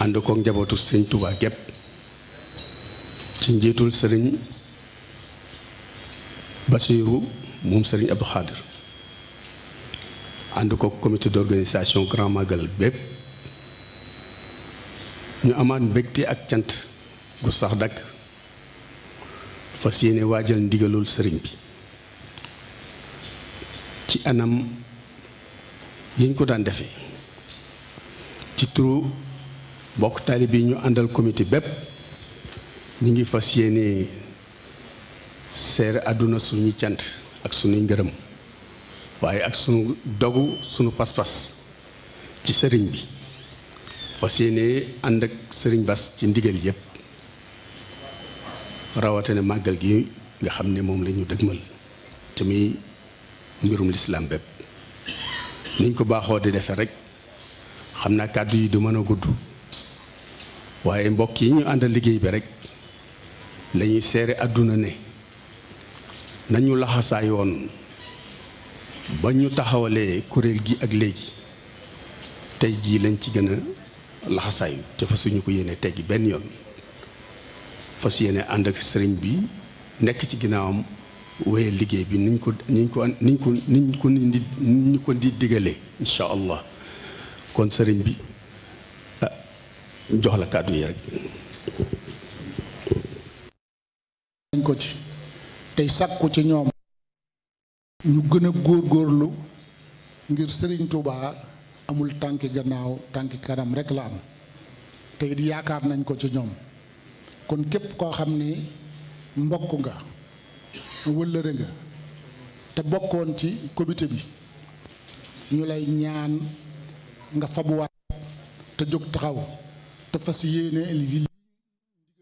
ànd kook njabootu sëñ Touba gépp ci njiitul sëriñ Bassirou moom sëriñ Abdou Khadir ànd kook comité d'organisation Grand Magal bépp ñu amaat mbégte ak cant gu sax dakk fas yéene waajal ndigalul sëriñ bi ci anam yiñ ko daan defee ci turu bokk taalib yi ñu àndal comité bépp ñu ngi fas yéene seere àdduna suñu cant ak suñuy ngërëm waaye ak suñu dogu suñu pas-pas ci sëriñ bi fas yéene ànd ak sëriñ Bas ci ndigal yépp rawatina màggal gi nga xam ne moom lañu ñu dëgmal te muy mbirum lislaam bépp niñ ko baaxoo di defee rek xam naa kàddu yi du mën a gudd waaye mbokk yi ñu àndal liggéey bi rek lañuy seere àdduna ne nañu laxasaayoon ba ñu taxawalee kuréel gi ak léegi tey jii lañ ci gën a laxasaayu te fa suñu ko yéene teggi benn yoon fas yéene ànd ak sëriñ bi nekk ci ginnaawam woye liggéey bi niñ ko niñ ko niñ ko niñ ko ko di digale incha allah kon sëriñ bi ñu jox la kàddu yi rek. dañ ko ci tey sàkku ci ñoom. ñu gën a góorlu ngir sëriñ Touba amul tànki gannaaw tànki kanam rekk la am te it yaakaar nañ ko ci ñoom kon képp koo xam ni mbokk nga wëllëre nga te bokkoon ci comité bi ñu lay ñaan nga fabuwaat te jóg taxaw te fas yéene li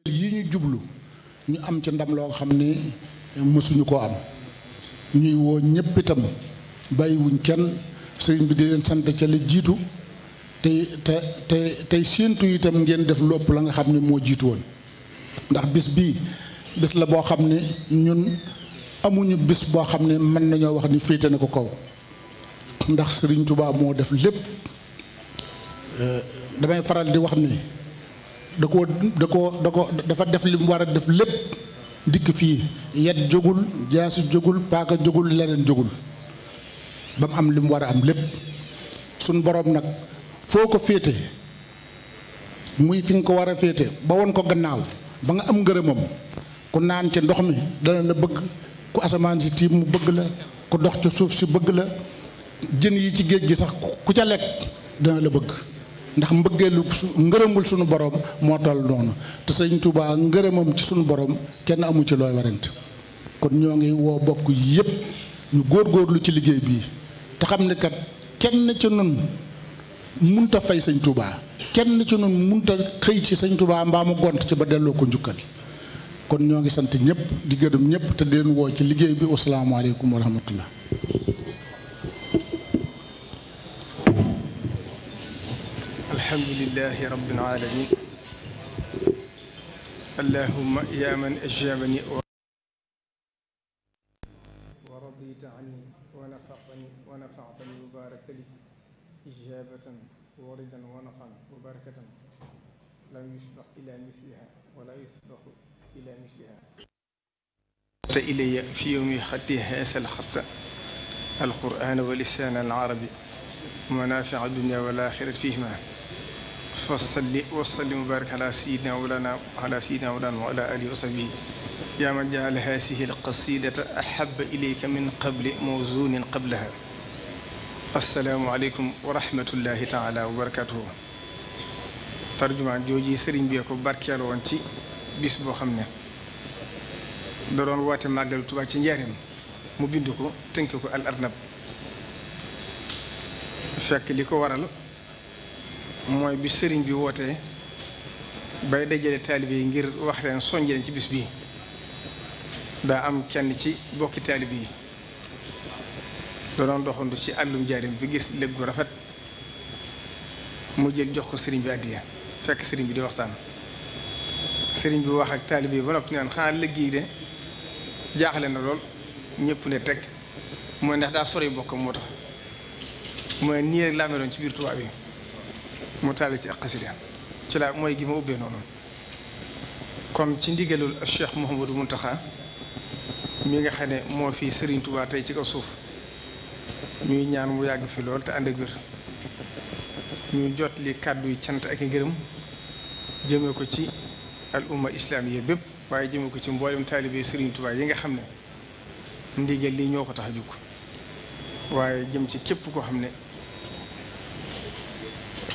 yi ñu jublu ñu am ca ndam loo xam ni mësuñu koo am ñuy woo ñëpp itam bàyyiwuñ kenn sëriñ bi di leen sant ca la jiitu tey te tey tey séentu itam ngeen def lopp la nga xam ne moo jiitu woon ndax bis bii bis la boo xam ne ñun amuñu bis boo xam ne mën nañoo wax ni féete na ko kaw ndax sëriñ Tuubaa moo def lépp euh, damay faral di wax ni da koo da koo da ko dafa def li mu war a def lépp dikk fii yet jógul jaasu jógul paaka jógul leneen jógul ba mu am li mu war a am lépp suñ boroom nag foo ko féete muy fi nga ko war a féete ba woon ko gannaaw ba nga am ngërëmam ku naan ci ndox mi dana la bëgg ku asamaan si tiim mu bëgg la ku dox ca suuf si bëgg la jën yi ci géej gi sax ku ca lekk dana la bëgg ndax mbëggeelu su ngërëmul suñu borom moo toll noonu te sëñ Touba ngërëmam ci suñu borom kenn amu ci looy warante kon ñoo ngi woo bokk yépp ñu góor góorgóorlu ci liggéey bii te xam ne kat kenn ci nun munta fay sañ tubaa kenn ci nun munta xëy ci sañ tubaa mbaa mu gont ci ba delloo ko njukkal kon ñoo ngi sant ñëpp di gërëm ñëpp te di woo ci liggéey bi asalaamaaleykum wa rahmatullah alhamdulilahi rabbil alamin allahumma ya man ajabani wa radita anni wa nafaqani wa nafatani mubarakta li ijabatan wa ridan wa nafan wa barakatan lam yusbax ila misliha wala yusbaxu ila misliha ta ilaya fi yowmi xatti haasal xatta alquran wa lisaan alarabi manaafic dunia wal axirati fihima fasalli wasallim wa barik ala sayidina wulana ala sayidina wulana wa ala alihi wa sahbihi yaa man jaala haasihi alqasidata ahaba ilayka min qabli mawzunin qablaha asalaamu aleykum wa rahmatullahi taala wa barakatuhu tarjumaan jooji sëriñ bi ko barkeel woon ci bis boo xam ne da doon woote màggal Tuubaa ci njaareem mu bind ko tënk ko al arnab fekk li ko waral mooy bi sëriñ bi wootee bay dajale taalibe yi ngir wax leen soññ leen ci bis bii daa am kenn ci bokki taalibe yi danoon doxantu ci àllum jaarim bi gis gu rafet mu jël jox ko sëriñ bi àddiya fekk sëriñ bi di waxtaan sëriñ bi wax ak taalibe yi ba noppi naan xanaa lëgg yi de jaaxale na lool ñëpp ne teg mooy ndax daa sori bokk moo tax mooy nii rek laa meloon ci biir tubaab yi mu taale ci ak xasida ci laa mooy gi ma ubbee noonu kon ci ndigalul Cheikh mu taxa mi nga xam ne moo fi sëriñ tubaa tey ci kaw suuf ñuy ñaan mu yàgg fi lool te ànd ak wér ñu jot li kàddu yi cant ak i ngërëm jëme ko ci al umma islamiya bépp waaye jëme ko ci mboolem taalibe Serigne Touba yi nga xam ne ndigal li ñoo ko tax a jóg waaye jëm ci képp koo xam ne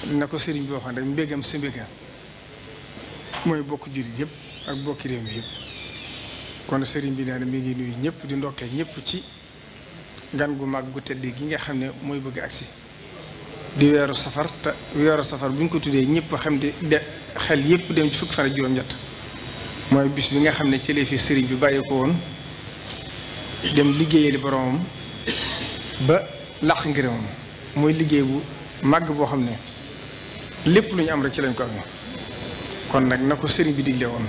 na ko sëriñ bi waxoon rek mbégam sa mbéga mooy bokk jullit yépp ak bokki réew sëriñ bi nee na mi ngi ñëpp di ndokkee ñëpp ci gan gu mag gu gi nga xam ne mooy bëgg agsi di weeru safar safar bu ko tuddee ñëpp xam di de xel yëpp dem ci fukki fan ak juróom-ñett mooy bis bi xam ne ci fi sëriñ bi bàyyi dem liggéeyali boromam ba laq ngërëmam mooy liggéey bu màgg boo xam ne lépp lu ñu am rek ci lañ ko amee kon nag na ko sëriñ bi digle woon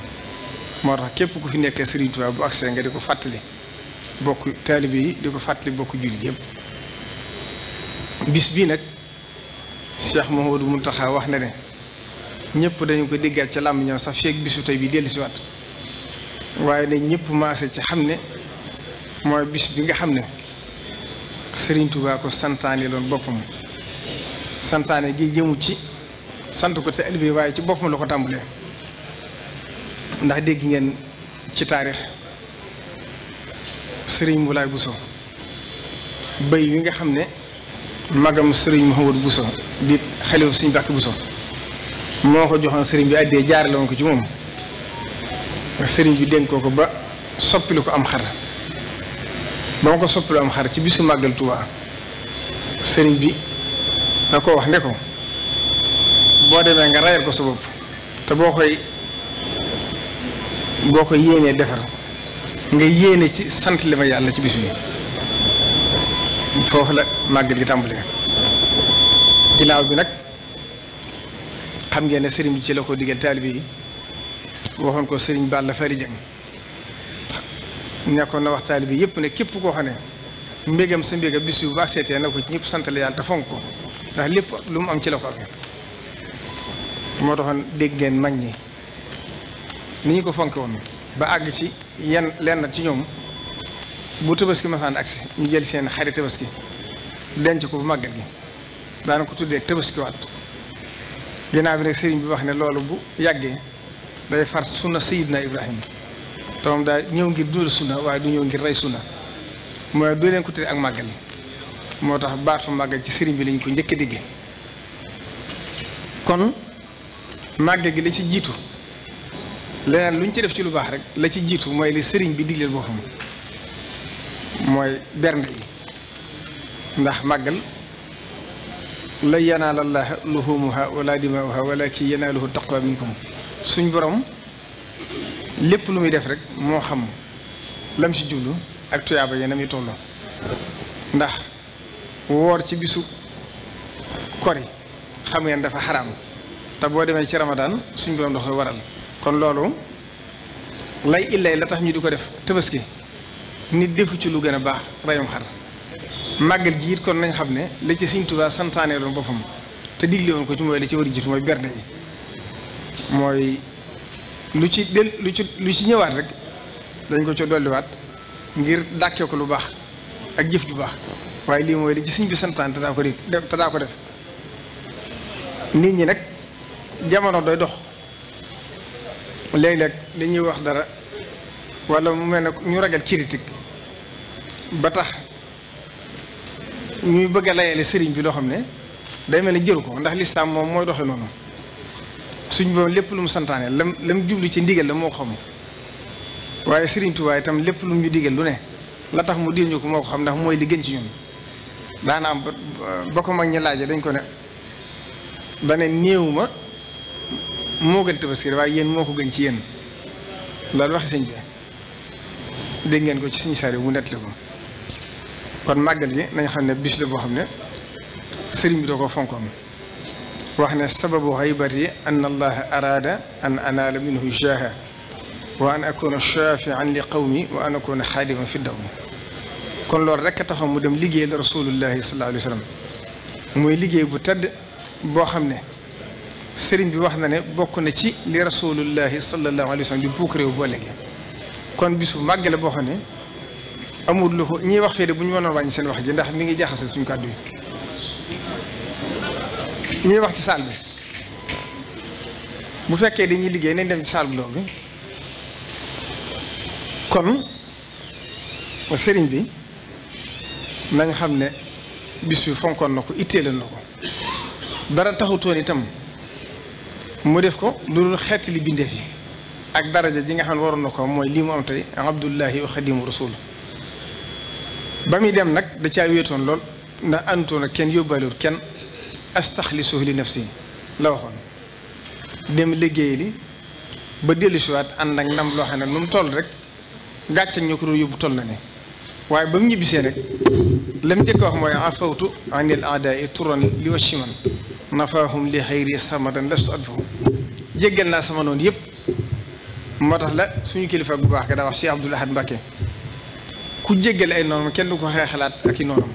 moo tax képp ku fi nekkee sëriñ Tuubaa bu agsee nga di ko fàttali bokk taalibe yi di ko fàttali bokk jullit yépp bis bii nag Cheikh mu Mountakha wax na ne ñëpp dañu ko déggaat ca làmb ñoom sax feeg bisu tey bi dellusiwaat waaye ne ñëpp maase ci xam ne mooy bis bi nga xam ne sëriñ Tuubaa ko santaane loon boppam santaane gi jëmu ci sant ko ci alibi waaye ci boppam la ko tàmbalee ndax dégg ngeen ci taarix sëriñ Moulay Bousso bëy bi nga xam ne magam sëriñ Mouhamadou buso di xalifa suñu bàkki Bousso moo ko joxoon sëriñ bi àddee jaarale woon ko ci moom sëriñ bi koo ko ba soppilu ko am xar ba ma ko soppilu am xar ci bisu màggal Tuubaa sëriñ bi da ko wax ne ko boo demee nga rayal ko sa bopp te boo koy boo ko yéenee defar nga yéene ci sant li ma yàlla ci bis bi foofu la màggal gi tàmbalee ginaaw bi nag xam ngeen ne sëriñ bi ci la ko digal taalibe yi waxoon ko sëriñ Balla Fari Dieng nekkoon na wax taalibe yëpp ne képp koo xam ne mbégam sa mbéga bis bi bu baax seetee na ko ñëpp sant la yàlla te fonk ko ndax lépp lu mu am ci la ko amee moo taxoon dégg ngeen mag ñi ni ñu ko fonke woon ba àgg ci yenn lenn ci ñoom bu tabaski masaan agsi ñu jël seen xari tabaski denc ko bu màggat gi daana ko tuddee tabaski waat ginnaaw bi nag sëriñ bi wax ne loolu bu yàggee day far sunna sayidna ibrahim te moom daa ñëw ngir dund sunna waaye du ñëw ngir rey sunna mooy du leen ko tuddee ak màggal moo tax baatu màggal ci sëriñ bi lañ ko njëkk a màgge gi la ci jiitu leneen lu ñu ci def ci lu baax rek la ci jiitu mooy li sëriñ bi digleel boppam mooy bernde yi ndax màggal la la yanaal allah luhumuha wala dimaauha walakin yanaaluhu ko minkum suñ borom lépp lu muy def rek moo xam lam ci jublu ak tuyaaba yenam yi tolloo ndax woor ci bisu kori xam ngeen dafa xaraam te boo demee ci ramadaan suñ borom da waral kon loolu lay illay la tax ñu di ko def tabaski nit defu ci lu gën a baax rayum xar màggal gi it kon nañ xam ne la ci Sëriñ Tuubaa santaane doon boppam te digle woon ko ci mooy la ci war a jiitu mooy bernde yi mooy lu ci del lu ci lu ci ñëwaat rek dañ ko ci dolliwaat ngir dàkkee ko lu baax ak jëf ju baax waaye lii mooy li ci siñ bi santaane te daa ko def te daa ko def nit ñi nag jamono day dox léeg-léeg dañuy wax dara walla mu mel ne ñu ragal critique ba tax ñuy bëgg a layale sëriñ bi loo xam ne day mel ne jëru ko ndax lislaam moom mooy doxe noonu suñ boobu lépp lu mu santaane la lam jublu ci ndigal la moo ko xam waaye sëriñ Tuubaa itam lépp lu mu ñu digal lu ne la tax mu diir ñu ko moo ko xam ndax mooy li gën ci ñun daana am ba ko mag ñi laaj dañ ko ne dane néew ma moo gën tabaski waaye yéen moo ko gën ci yéen loolu wax sëñ bi dégg ngeen ko ci suñu saari mu nett la ko kon màggal gi nañ xam ne bis la boo xam ne sëriñ bi da ko fonkoon wax ne sababu xaybati an allaha araada an anaala minhu jaaha wa an akuna shafian li qawmi wa an akuna xaadiman fi dawmi kon loolu rekk a mu dem liggéey la rasulullahi sallallahu alayhi wa sallam muy liggéey bu tedd boo xam ne sëriñ bi wax na ne bokk na ci li rasulullahi sallallahu alayhi wa sallam réew boo léegi kon bis bu màgg la boo xam ne amul lu ko ñiy wax fii de bu ñu mënoon wàññi seen wax ji ndax mi ngi jaxase suñu kàddu yi ñiy wax ci saal bi bu fekkee dañuy liggéey nañ dem ci saal bu loo kon sëriñ bi nañ xam ne bis bi fonkoon na ko itteeloon na ko dara taxutoon itam mu def ko lu dul xeetali bindeef yi ak daraja ji nga xam ne waroon na ko mooy lii mu am tey abdullahi wa xadimu rasul ba muy dem nag da caa wéetoon lool ndax àndutoon ak kenn yóbbaalewul kenn astaxlisuhu li nafsi la waxoon dem liggéey li ba dellusiwaat ànd ak ndam loo xam ne nu mu toll rek gàcce ñoo ko doon yóbbu toll na ne waaye ba mu ñibbisee rek lam njëkk wax mooy afawtu anil aadaai turan li wacci man nafaahum li xayri samadan lastu adfahu jéggal naa sama noonu yëpp moo tax la suñu kilifa bu baax ga daa wax Cheikh Abdoul Ahad Mbacké ku jéggale ay noonam kenn du ko xeexalaat ak i noonam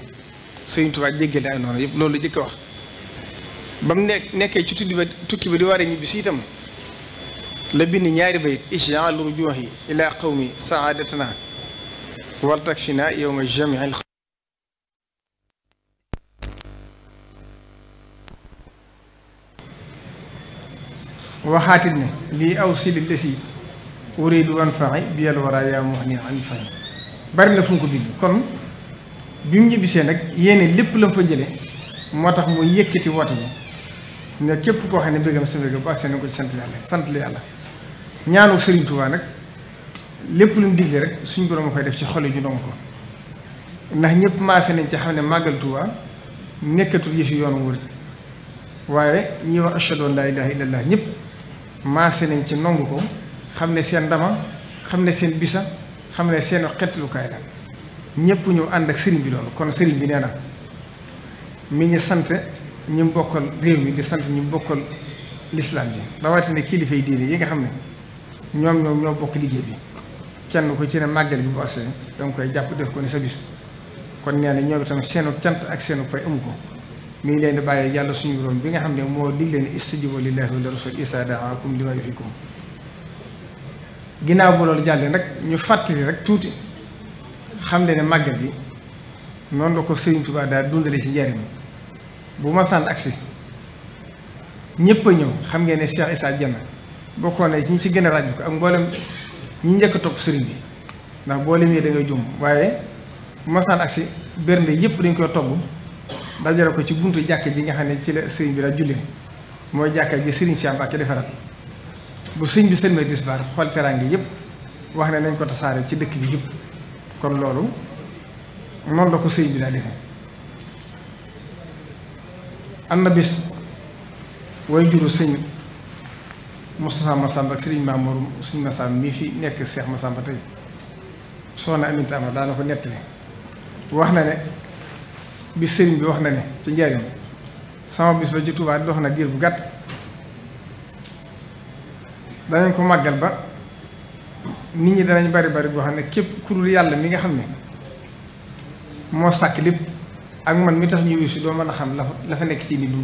Sëriñ Tuubaa jéggale yëpp loolu la jëkk wax nekk nekkee ci tuddi ba tukki ba di war a ñibbi si la bind ñaari bayit ij'al rujuhi ila qawmi saadatana wartak fi na yowma jamiil waxaatit ne lii aw si li lesi uridu wan faxi bi yàlla war a yaa mu wax nii am faxi bari na fu mu ko bind kon bi mu ñibbisee nag yéene lépp la mu fa jële moo tax mu yëkkati woote yi ne képp koo xam ne bëggam sa bëgg ak ko ci sant yàlla sant la yàlla ñaanu Sëriñ Tuubaa nag lépp lu mu digle rek suñ borom a koy def ci xole yi ñu doon ko ndax ñëpp maase nañ ci xam ne màggal Tuubaa nekkatul yëfi yoonu wër waaye ñi wax ashhadu an laa ilaaha illallaah ñëpp maase nañ ci nangu ko xam ne seen ndama xam ne seen bisa xam ne seen xetlukaay la ñëpp ñu ànd ak sëriñ bi loolu kon sëriñ bi nee na mi ngi sant ñi bokkal réew mi di sant ñu bokkal lislaam bi rawatina kilifa yi diine yi nga xam ne ñoom ñoom ñoo bokk liggéey bi kenn ko ci ne màggal bi bu asee danga koy jàpp def ko ni sa bis kon nee na ñoom itam seenu cant ak seenu pay amu ko mi ngi leen di bàyyi yàlla suñu borom bi nga xam ne moo dig leen istajibu lillahi wa rasul isa daakum lima yufikum ginnaaw bu loolu jàllee nag ñu fàttali rek tuuti xam ne ne màggal bi noonu la ko Sëriñ Tuubaa daal dundale ci njariñ bu masaan agsi ñëpp ñëw xam ngeen ne Cheikh Issa Dienne bokkoon na ci si gën a ràññu ko ak mboolem ñu njëkk topp sëriñ bi ndax boo limee da ngay jum waaye bu masaan agsi bernde yëpp dañ koy togg dajale ko ci buntu jàkk ji nga xam ne ci la sëriñ bi la jullee mooy jàkka ji sëriñ si Mbàkke defaral bu sëriñ bi sëlmee disbaar xool teraange yëpp wax ne nañ ko tasaare ci dëkk bi yëpp kon loolu noonu la ko sëriñ bi daa defe am na bis way juru sëñ Moustapha Massamba ak sëriñ Mamour sëriñ Massamba mii fi nekk seex Massamba tey soxna Aminta Ama daana ko nettali wax na ne bi sëriñ bi wax na ne ci njariñ sama bis ba ci Tuubaa dox na diir bu gàtt danañ ko màggal ba nit ñi danañ bari bari boo xam ne képp ku yàlla mi nga xam ne moo sàkk lépp ak man mi tax ñu wisu doo mën a xam la fa nekk ci nit du mu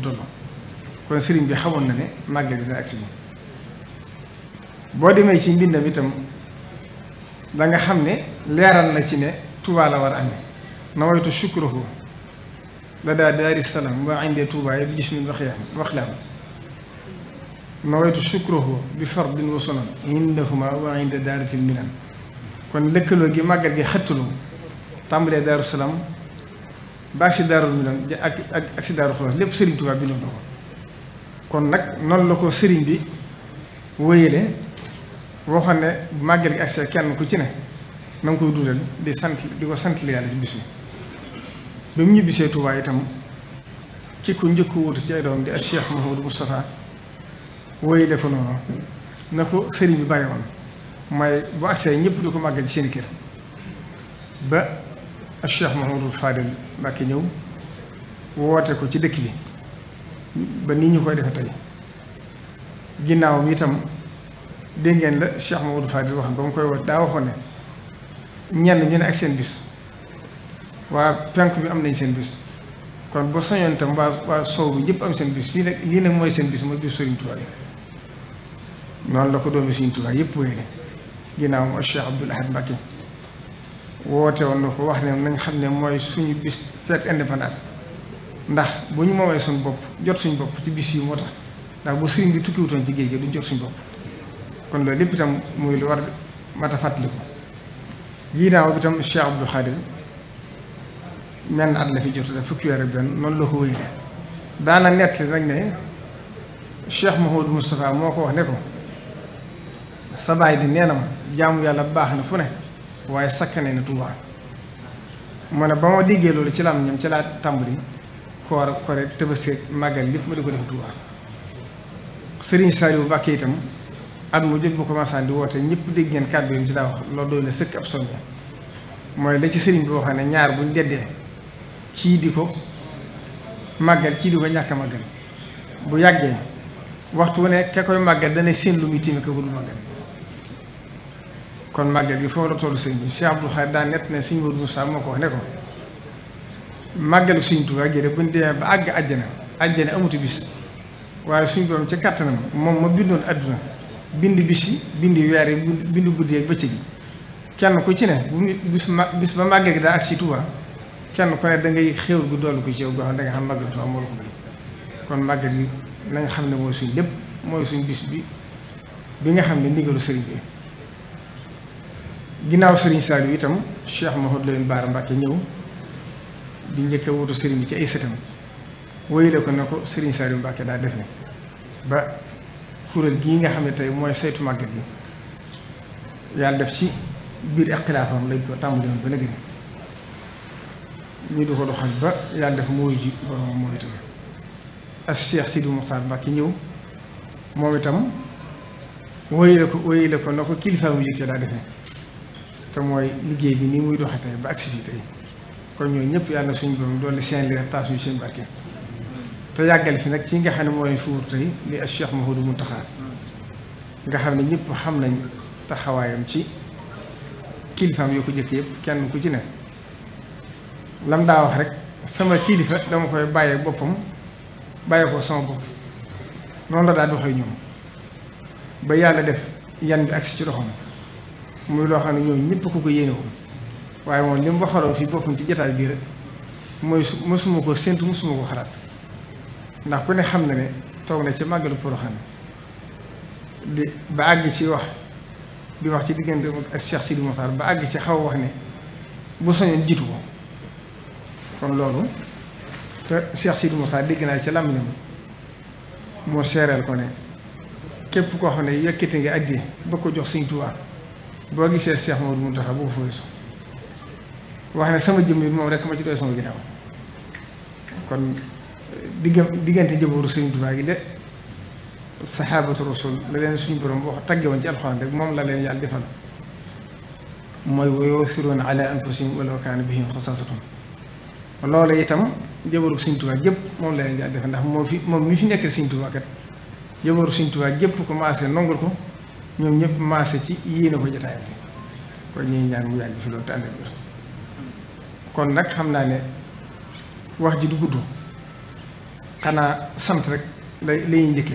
kon sëriñ bi xamoon na ne màggal bi dana agsi boo demee ci mbindam itam da nga xam ne leeral na ci ne tubaa la war a amee na waytu sukkuruhu لدى دار السلام وعند توبة بجسم وخلام نويت شكره بفرد وسنن عندهما وعند دارة المنن kon lëkkaloo gi màggal gi xëttaloo tàmbalee daaru salaam ba si daaru minan ak ak ak si daaru xulaas lépp sëriñ Tuubaa bi noonu ko kon nag noonu la ko sëriñ bi wéyale xam ne màggal gi ak kenn ku ci ne na nga koy dundal di sant di ko sant la yàlla ci bis mi bi mu ñibbisee Touba itam ki ko njëkk wuutu ci ay doom di ak Cheikh Mouhamadou Moustapha wéyale ko noonu na ko sëriñ bi bàyyi woon may bu agsee ñëpp di ko màggal ci seen kër ba ak Cheikh Mouhamadou Fadel Mbacké ñëw woote ko ci dëkk bi ba nii ñu koy defe tey ginnaawam itam dégg ngeen la Cheikh Mouhamadou Fadel wax ba mu koy wax daa waxoon ne ñenn ñu ne ak seen bis waa penk bi am nañ seen bis kon ba soñoon tam waa waa sow bi yëpp am seen bis lii nag lii nag mooy seen bis mooy bis Sëriñ Tuubaa yi noonu la ko doomi Sëriñ Tuubaa yëpp wéyale ginnaaw moom Cheikh Abdoul Ahad Mbacké woote woon na ko wax ne nañ xam ne mooy suñu bis fête indépendance ndax bu ñu moomee suñu bopp jot suñ bopp ci bis yi moo tax ndax bu sëriñ bi tukkiwutoon ci géej gi duñ jot suñ bopp kon loolu lépp itam muy lu war mat a fàttaliku ginnaaw bi itam Cheikh Abdou Khadir menn at la fi jot def fukki weer ak benn noonu la ko wéyale daana nett nag ne Cheikh Mouhamadou Moustapha moo ko wax ne ko sa baay di nee na ma jaamu yàlla baax na fu ne waaye sakkane na Tuuba mu ne ba ma déggee loolu ci lam ñoom ci laa tàmbali koor kore tëbaseeg màggal lépp ma di ko def Tuuba Sëriñ Saliou Mbàkke itam at mu jot bu commencé di woote ñëpp dégg ngeen kàddu yi ci daa wax loolu doy na sëkk ab soññe mooy la ci sëriñ bi waxee ne ñaar buñ deddee kii di ko màggal kii di ko ñàkk màggal bu yàggee waxtu wu ne ka koy màggal dana seen lu muy tiime ka ko du màggal kon màggal gi foo la tollu bi Cheikh Abdou Khadre daa nett na sëñ Modou Moussa moo ko wax ne ko màggalu sëñ Tuubaa gi suñ borom ci kàttanam moom ma bindoon àdduna bind bis yi bind weer yi bind guddi ak bëccëg kenn ku ci ne bu bis ba màggee gi daa ak si Tuubaa kenn ku dangay da gu dolli ko ci yow goo xam da nga xam màggal Tuubaa moo la ko béy kon màggal gi nañ xam ne mooy suñ lépp mooy suñ bis bi bi nga xam ne ndigalu sëriñ bi ginnaaw sëriñ Saliou itam Cheikh Mouhamadou Lamine Bara ñëw di njëkk a wutu bi ci ay sëtam wéyale ko ne ko sëriñ yu mbakke daa def ne ba kuréel gii nga xam ne tey mooy saytu màggal gi yàlla def ci biir ak xilaafam lañ ko tàmbali woon ba gën ñu di ko doxal ba yàlla def mooy ji borom mooy itam ak Cheikh Sidi Mokhtar Mbacke ñëw moom itam wéyale ko wéyale ko na ko kilifa mu jëkkee daa te mooy liggéey bi ni muy doxee tey ba agsi fii tey kon ñooñu ñëpp yàlla suñu borom doole seen leer taas yu seen barke te yàggal fi nag ci nga xam ne mooy fuur tey li ak Cheikh Mouhamadou Mountakha nga xam ne ñëpp xam nañ taxawaayam ci kilifaam yoo ko jëkk yëpp kenn ku ci ne lam daa wax rek sama kilifa dama koy bàyyee boppam bàyyee ko sama bopp noonu la daa doxee ñoom ba yàlla def yan bi agsi ci loxoom muy loo xam ne ñoom ñëpp ku ko yéene waaye moom li mu waxaloon fii boppam ci jotaay bii rek mooy su mosuma ko séntu mosuma ko xalaat ndax ku ne xam na ne toog na ci màggalu Porokhane di ba àgg ci wax di wax ci diggante ak Cheikh Sidi Moussa ba àgg ci xaw wax ne bu soñoon jiitu ko. kon loolu te Cheikh Sidi Moussa dégg naa ci làmmiñam moo seereel ko ne képp koo xam ne yëkkati nga addi ba ko jox Sëñ Tuubaa boo gisee Cheikh Maodo Mountakha boo fa weesu wax ne sama jëm yi moom rekk ma ci doy sama ginnaaw kon digga diggante jëbooru Sëñ Tuubaa gi de saxaabatu rasul la leen suñu borom wax tagge woon ci alxuraan rek moom la leen yàlla defal mooy wa yu'thiruuna ala anfusihim wa law kaana bihim xasaasatun loolu itam jabaru Sëriñ Tuubaa gépp moom la leen di ndax moo fi moom mi fi nekk Sëriñ Tuubaa kat jabaru Sëriñ Tuubaa gépp ko maase nongul ko ñoom ñëpp maase ci yéene ko jotaay bi kon ñuy ñaan te kon nag xam naa ne wax ji du gudd xanaa sant rek la la ñuy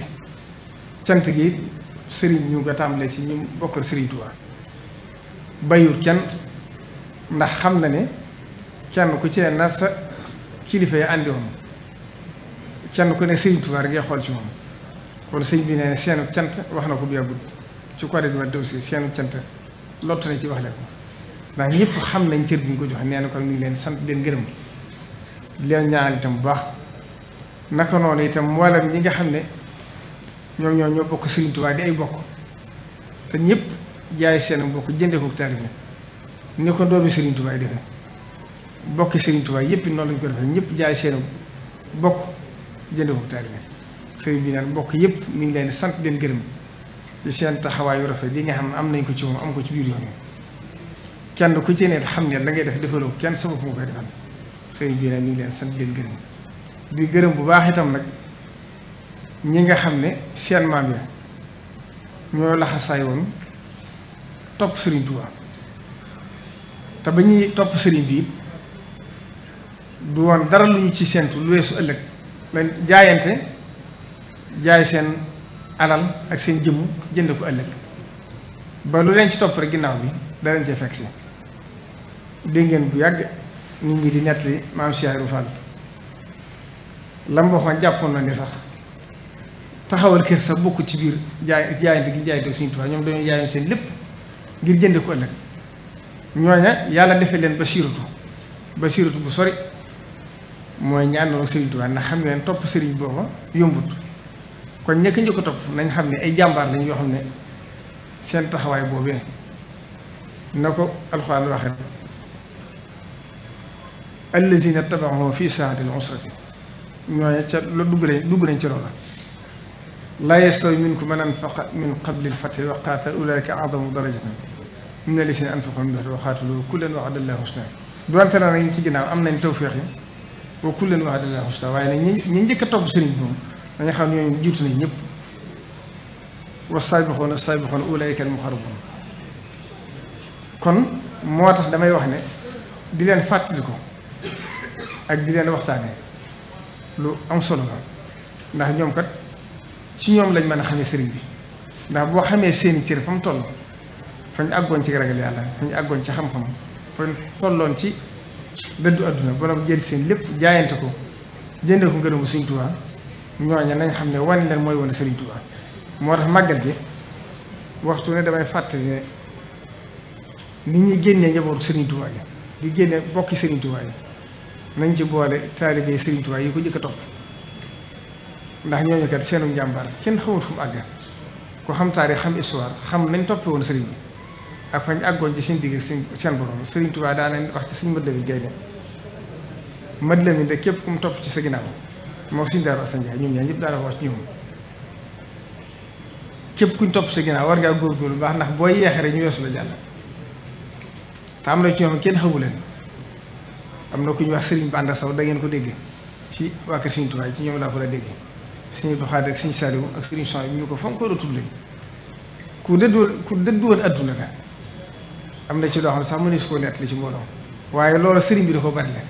cant gi sëriñ ñu nga tàmbalee ci ñu bokkal Sëriñ Tuubaa bayut kenn ndax xam na ne kenn ku ci ne na sa kilifa yi àndi woon kenn ku ne sëriñ Tuubaa ngay xool ci moom kon sëñ bi nee seenu cant wax na ko bu yàggul ci côté bi ma daw seenu cant lott na ci wax leen ko ndax ñëpp xam nañ cër bi ko jox nee na kon ñu ngi leen sant leen gërëm leen ñaanal itam bu baax naka noonu itam mboolem ñi nga xam ne ñoom ñoo ñoo bokk sëriñ Tuubaa di ay bokk te ñëpp jaay seen bokk jëndee ko taalibe ni ko doomi sëriñ Tuubaa defe bokki Serigne Touba yëpp noonu lañ ko defee ñëpp jaay seen bokk jënd ko taalibe sëriñ bi naan bokk yëpp mi ngi leen di sant leen gërëm seen taxawaayu rafet yi nga xam ne am nañ ko ci moom am ko ci biir yoon kenn ku ci ne xam ne ngay def defaloo kenn sa bopp nga koy defal bi mi ngi leen sant di leen gërëm gërëm bu baax itam nag ñi nga xam ne seen maam ya ñoo laxasaay woon topp Serigne Touba te ba ñuy topp Serigne bi. du woon dara lu ñu ci séentu lu weesu ëllëg lañ jaayante jaay seen alal ak seen jëmm jënde ko ëllëg ba lu leen ci topp rek ginnaaw bi darañ cee fekk si dégg ngeen bu yàgg nit ñi di nettali maam Cheikh Ibra Fall lam waxoon jàppoon na ne sax taxawal kër sa bokk ci biir jaay jaayante gi jaay doog Sëriñ Tuubaa ñoom dañoo jaayoon seen lépp ngir jënd ko ëllëg ñooña yàlla defee leen ba siirutu ba siirutu bu sori mooy ñaanal ak Serigne Touba ndax xam ngeen topp Serigne booba yombut kon ñekk ñu ko topp nañ xam ne ay jàmbaar lañ yoo xam ne seen taxawaay boobee na ko alxuraan waxee allazina tabaxoo fi saatil usrati ñooñu ca la dugg nañ dugg nañ ci loola laa yastawi minkum man anfaqa min qabli lfati wa qaatal ulaika adamu darajatan min a anfaqu min ba'di wa qaatalu kullan wa'ada allahu husna donte na ci ginnaaw am nañ tawféex yi wa kullan wa'adallaahu al-husnaa waaye nag ñi ñi njëkk a topp sëriñ bi moom dañu xam ñooñu jiitu nañ ñëpp was-saabiquuna as-saabiquuna ulaa'ika al-muqarrabuun kon moo tax damay wax ne di leen fàttali ko ak di leen waxtaane lu am solo la ndax ñoom kat ci ñoom lañ mën a xamee sëriñ bi ndax boo xamee seeni cër fa mu toll fa ñu àggoon ci ragal yàlla fa ñu àggoon ci xam-xam fa ñu tolloon ci dëddu àdduna borom jël seen lépp jaayante ko jënde ko ngërëmu Sëriñ Tuubaa ñooñu nañ xam ne wane leen mooy wane Sëriñ Tuubaa moo tax màggal gi waxtu ne damay fàttali ne ni ñuy génnee njabootu Sëriñ Tuubaa yi di génne bokki Sëriñ Tuubaa yi nañ ci boole taalibe Sëriñ Tuubaa yi ko jëkk a topp ndax ñooñu kat seenu njàmbaar kenn xamul fu mu àgg ko xam taarix xam histoire xam nañ toppee woon sëriñ bi ak fañ àggoon ci seen digg seen seen borom Serigne Touba daa leen wax ci suñu mët la gay ne mët mi de képp ku mu topp ci sa ginnaaw moo suñu dara sa njaay ñoom ñëpp daal wax ci ñoom képp kuñ topp sa ginnaaw war ngaa góorgóorlu baax ndax booy yeexee ñu weesu la jàll te am na kenn xamu leen am na ku ñuy wax Serigne Banda saw da ngeen ko dégg ci waa kër Serigne Touba ci ñoom laa ko la dégg Serigne Doxaade si Serigne Saliou ak Serigne Sow ñu ko fonk ko doon tudd ku dëddu ku dëddu woon adduna la am na ci loo xam ne sax mënees koo nett li ci mbooloo waaye loolu sëriñ bi da ko bari la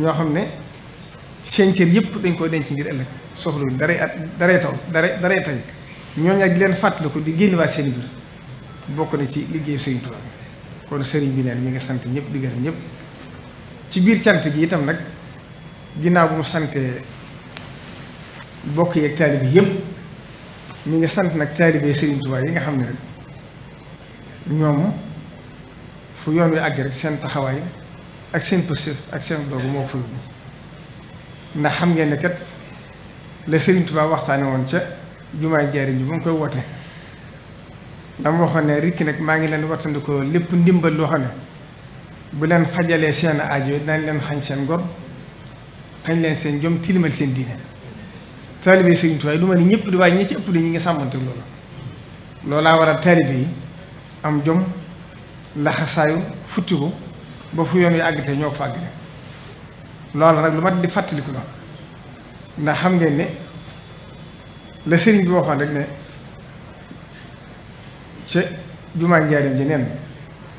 ñoo xam ne seen cër yëpp dañ ko denc ngir ëllëg soxlu daray at daray taw daray daray tay ñooñu ak di leen fàttaliku di génn waa seen biir bokk na ci liggéey sëriñ Tuubaa kon sëriñ bi neen mi nga sant ñëpp di gërëm ci biir cant gi itam nag ginnaaw bu mu sante bokk yeeg taalibe yëpp mi nga sant nag taalibe sëriñ Tuubaa yi nga xam ne rek ñoom fu yoon wi àgg rek seen taxawaay ak seen pësëf ak seen doogu moo ko fa ndax xam ngeen ne kat la Serigne Touba waxtaane woon ca jumaa jaariñ ji ba mu koy woote dama xam ne rikki nag maa ngi leen wattandikoo lépp ndimbal loo xam ne bu leen xajalee seen aajo dinañ leen xañ seen ngor xañ leen seen jom tilimal seen diine taalibe Serigne Touba yi lu ma ni ñëpp di waaye ñi ci ëpp di ñu ngi sàmmante loolu laa waral taalibe yi am jom laxasaayu futtiku ba fu yoon yu àggatee ñoo ko fa àggate loolu nag lu ma di fàttaliku la ndax xam ngeen ne la sëriñ bi waxoon rek ne ca jumaa njaarim ji neen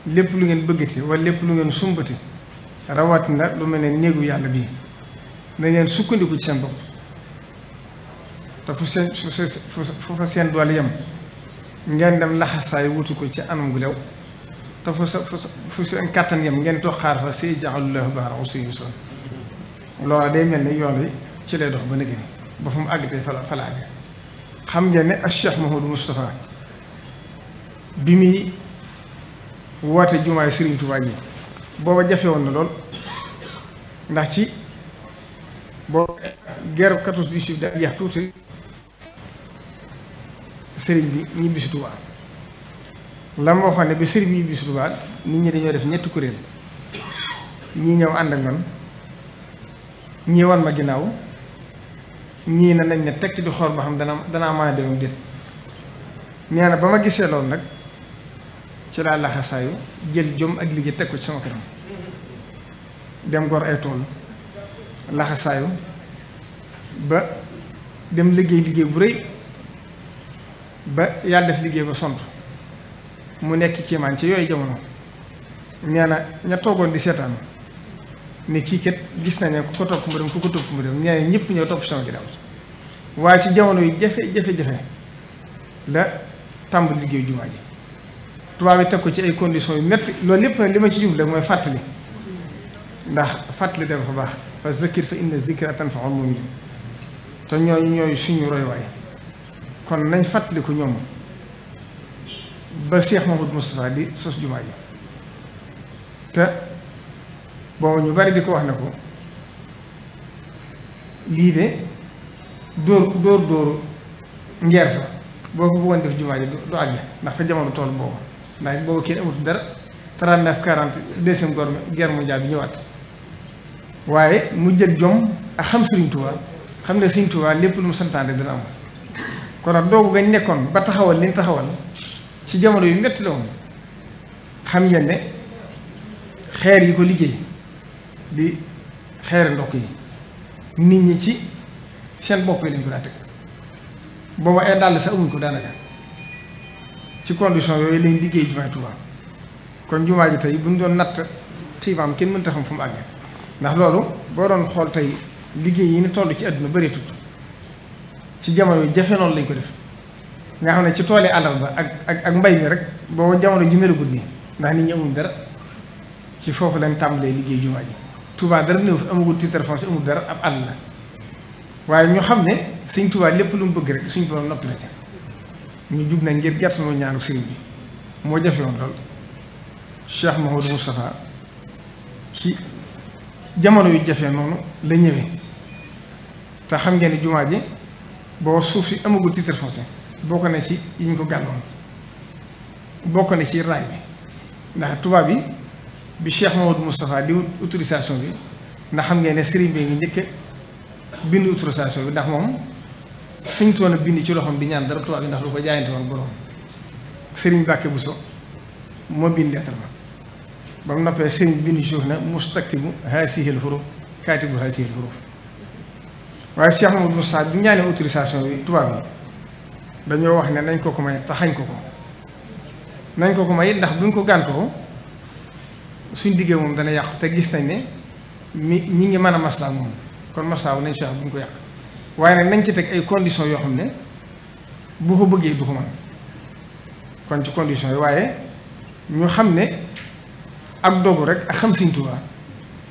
lépp lu ngeen bëggati wala lépp lu ngeen sumbati rawat na lu mel ne néegu yàlla bii na ngeen sukkandiku ci seen bopp te fu seen fu fa seen doole yem ngeen dem laxasaayu wutu ko ci anam gu lew te fu sa fu seen kàttan yam ngeen toog xaar fa si jaxalulaahu baax raxu si yusoon loola day mel ni yoon yi ci lay dox ba nëgg ni ba fu mu àggatee fa la fa la xam ngeen ne ak Cheikh Mouhamadou Moustapha bi muy woote jumaay Serigne Touba yi booba jafe woon na lool ndax ci booba guerre 14 18 da jeex tuuti Serigne bi ñibbisi Touba la ma waxoon ne bi sëriñ bi bis Tuubaa nit ñi dañoo def ñetti kuréel ñii ñëw ànd ak man ñii wan ma ginnaaw ñii na nañ ne tekki di xool ba xam dana danaa mën a demam déet ba ma gisee loolu nag ci laa laxasaayu jël jom ak liggéey teg ko ci sama kanam dem gor ay tool laxasaayu ba dem liggéey liggéey bu rëy ba yàlla def liggéey ba sont mu nekk kiimaan ci yooyu jamono nee na ña toogoon di seetaan ne kii kat gis na ne ku ko topp mu dem ku ko topp mu dem nee na ñëpp ñoo topp sama ginnaaw waaye ci jamono yi jafe-jafe-jafe la tàmbali liggéey jumaa ji tubaab yi teg ko ci ay conditions yu métti loolu lépp nag li ma ci jublu mooy fàttali ndax fàttali dafa baax fa zakir fa inna zikra tanfaul ñu te ñooñu ñooy suñu roy waay kon nañ fàttaliku ñoom ba Cheikh Mamadou Moustapha di sos jumaa ji te boobu ñu bari di ko wax ne ko lii de dóor dóor dóoru ngeer sax boo ko bëggoon def jumaa ji du àgg ndax fa jamono tool boobu ndax boobu kenn amut dara 39 40 deuxième guerre mondiale bi ñëwaat waaye mu jël jom ak xam Sëriñ Tuubaa xam ne Sëriñ Tuubaa lépp lu mu santaane dina am kon nag doogu gañ nekkoon ba taxawal liñ taxawal ci jamono yu metti la woon xam ngeen ne xeer yi ko liggéey di xeer ndokk yi nit ñi ci seen bopp yi lañ ko daa teg booba ay dàll sa amuñ ko daanaka ci condition yooyu lañ liggéey jumaay Tuubaa kon jumaa ji tey bu ñu doon natt xiimaam kenn mënta xam fu mu àggee ndax loolu boo doon xool tey liggéey yi ni toll ci àdduna bëreetut ci jamono yu jafe noonu lañ ko def nga xam ne ci tool yi àllarba ak ak ak mbay mi rek booba jamono ji mel bi ndax nit ñi dara ci foofu lañ tàmbalee liggéey jumaa ji Touba dara néew fi amagul titre foncier amul dara ab àll ñu xam ne Sëñ lépp lu bëgg rek suñ borom noppi la ca ñu jug nañ ngir gerte moo ñaanu sëriñ bi moo jafe woon lool Cheikh Mahoudou Moustapha ci jamono yu jafe noonu la ñëwee te xam ngeen ne jumaa ji boo suuf si amagul titre foncier bokk na ci yiñ ko gàlloon bokk na ci raay bi ndax tubaab bi bi Cheikh Mamadou Moustapha di autorisation bi ndax xam ngeen ne sëriñ bee ngi njëkk bind autorisation bi ndax moom suñ toon a bind ci loxoom di ñaan dara tubaab bi ndax lu ko jaayante woon borom sëriñ Mbàkke Buso moo bind lettre ba mu noppee sëriñ na mustaktibu haasihil huruf kaatibu haasihil huruf waaye Cheikh Mamadou Moustapha bi ñaanee autorisation bi tubaab bi dañoo wax ne nañ ko ko may te ko ko nañ koo ko may ndax buñ ko gàntoo suñ diggee moom dana yàqu te gis nañ ne mi ñi ngi mën a maslaa moom kon maslaa wu nañ si wax buñ ko yàq waaye nag nañ ci teg ay conditions yoo xam ne bu ko bëggee du ko man kon ci conditions yi waaye ñu xam ne ak dogu rek ak xam siñ Tuubaa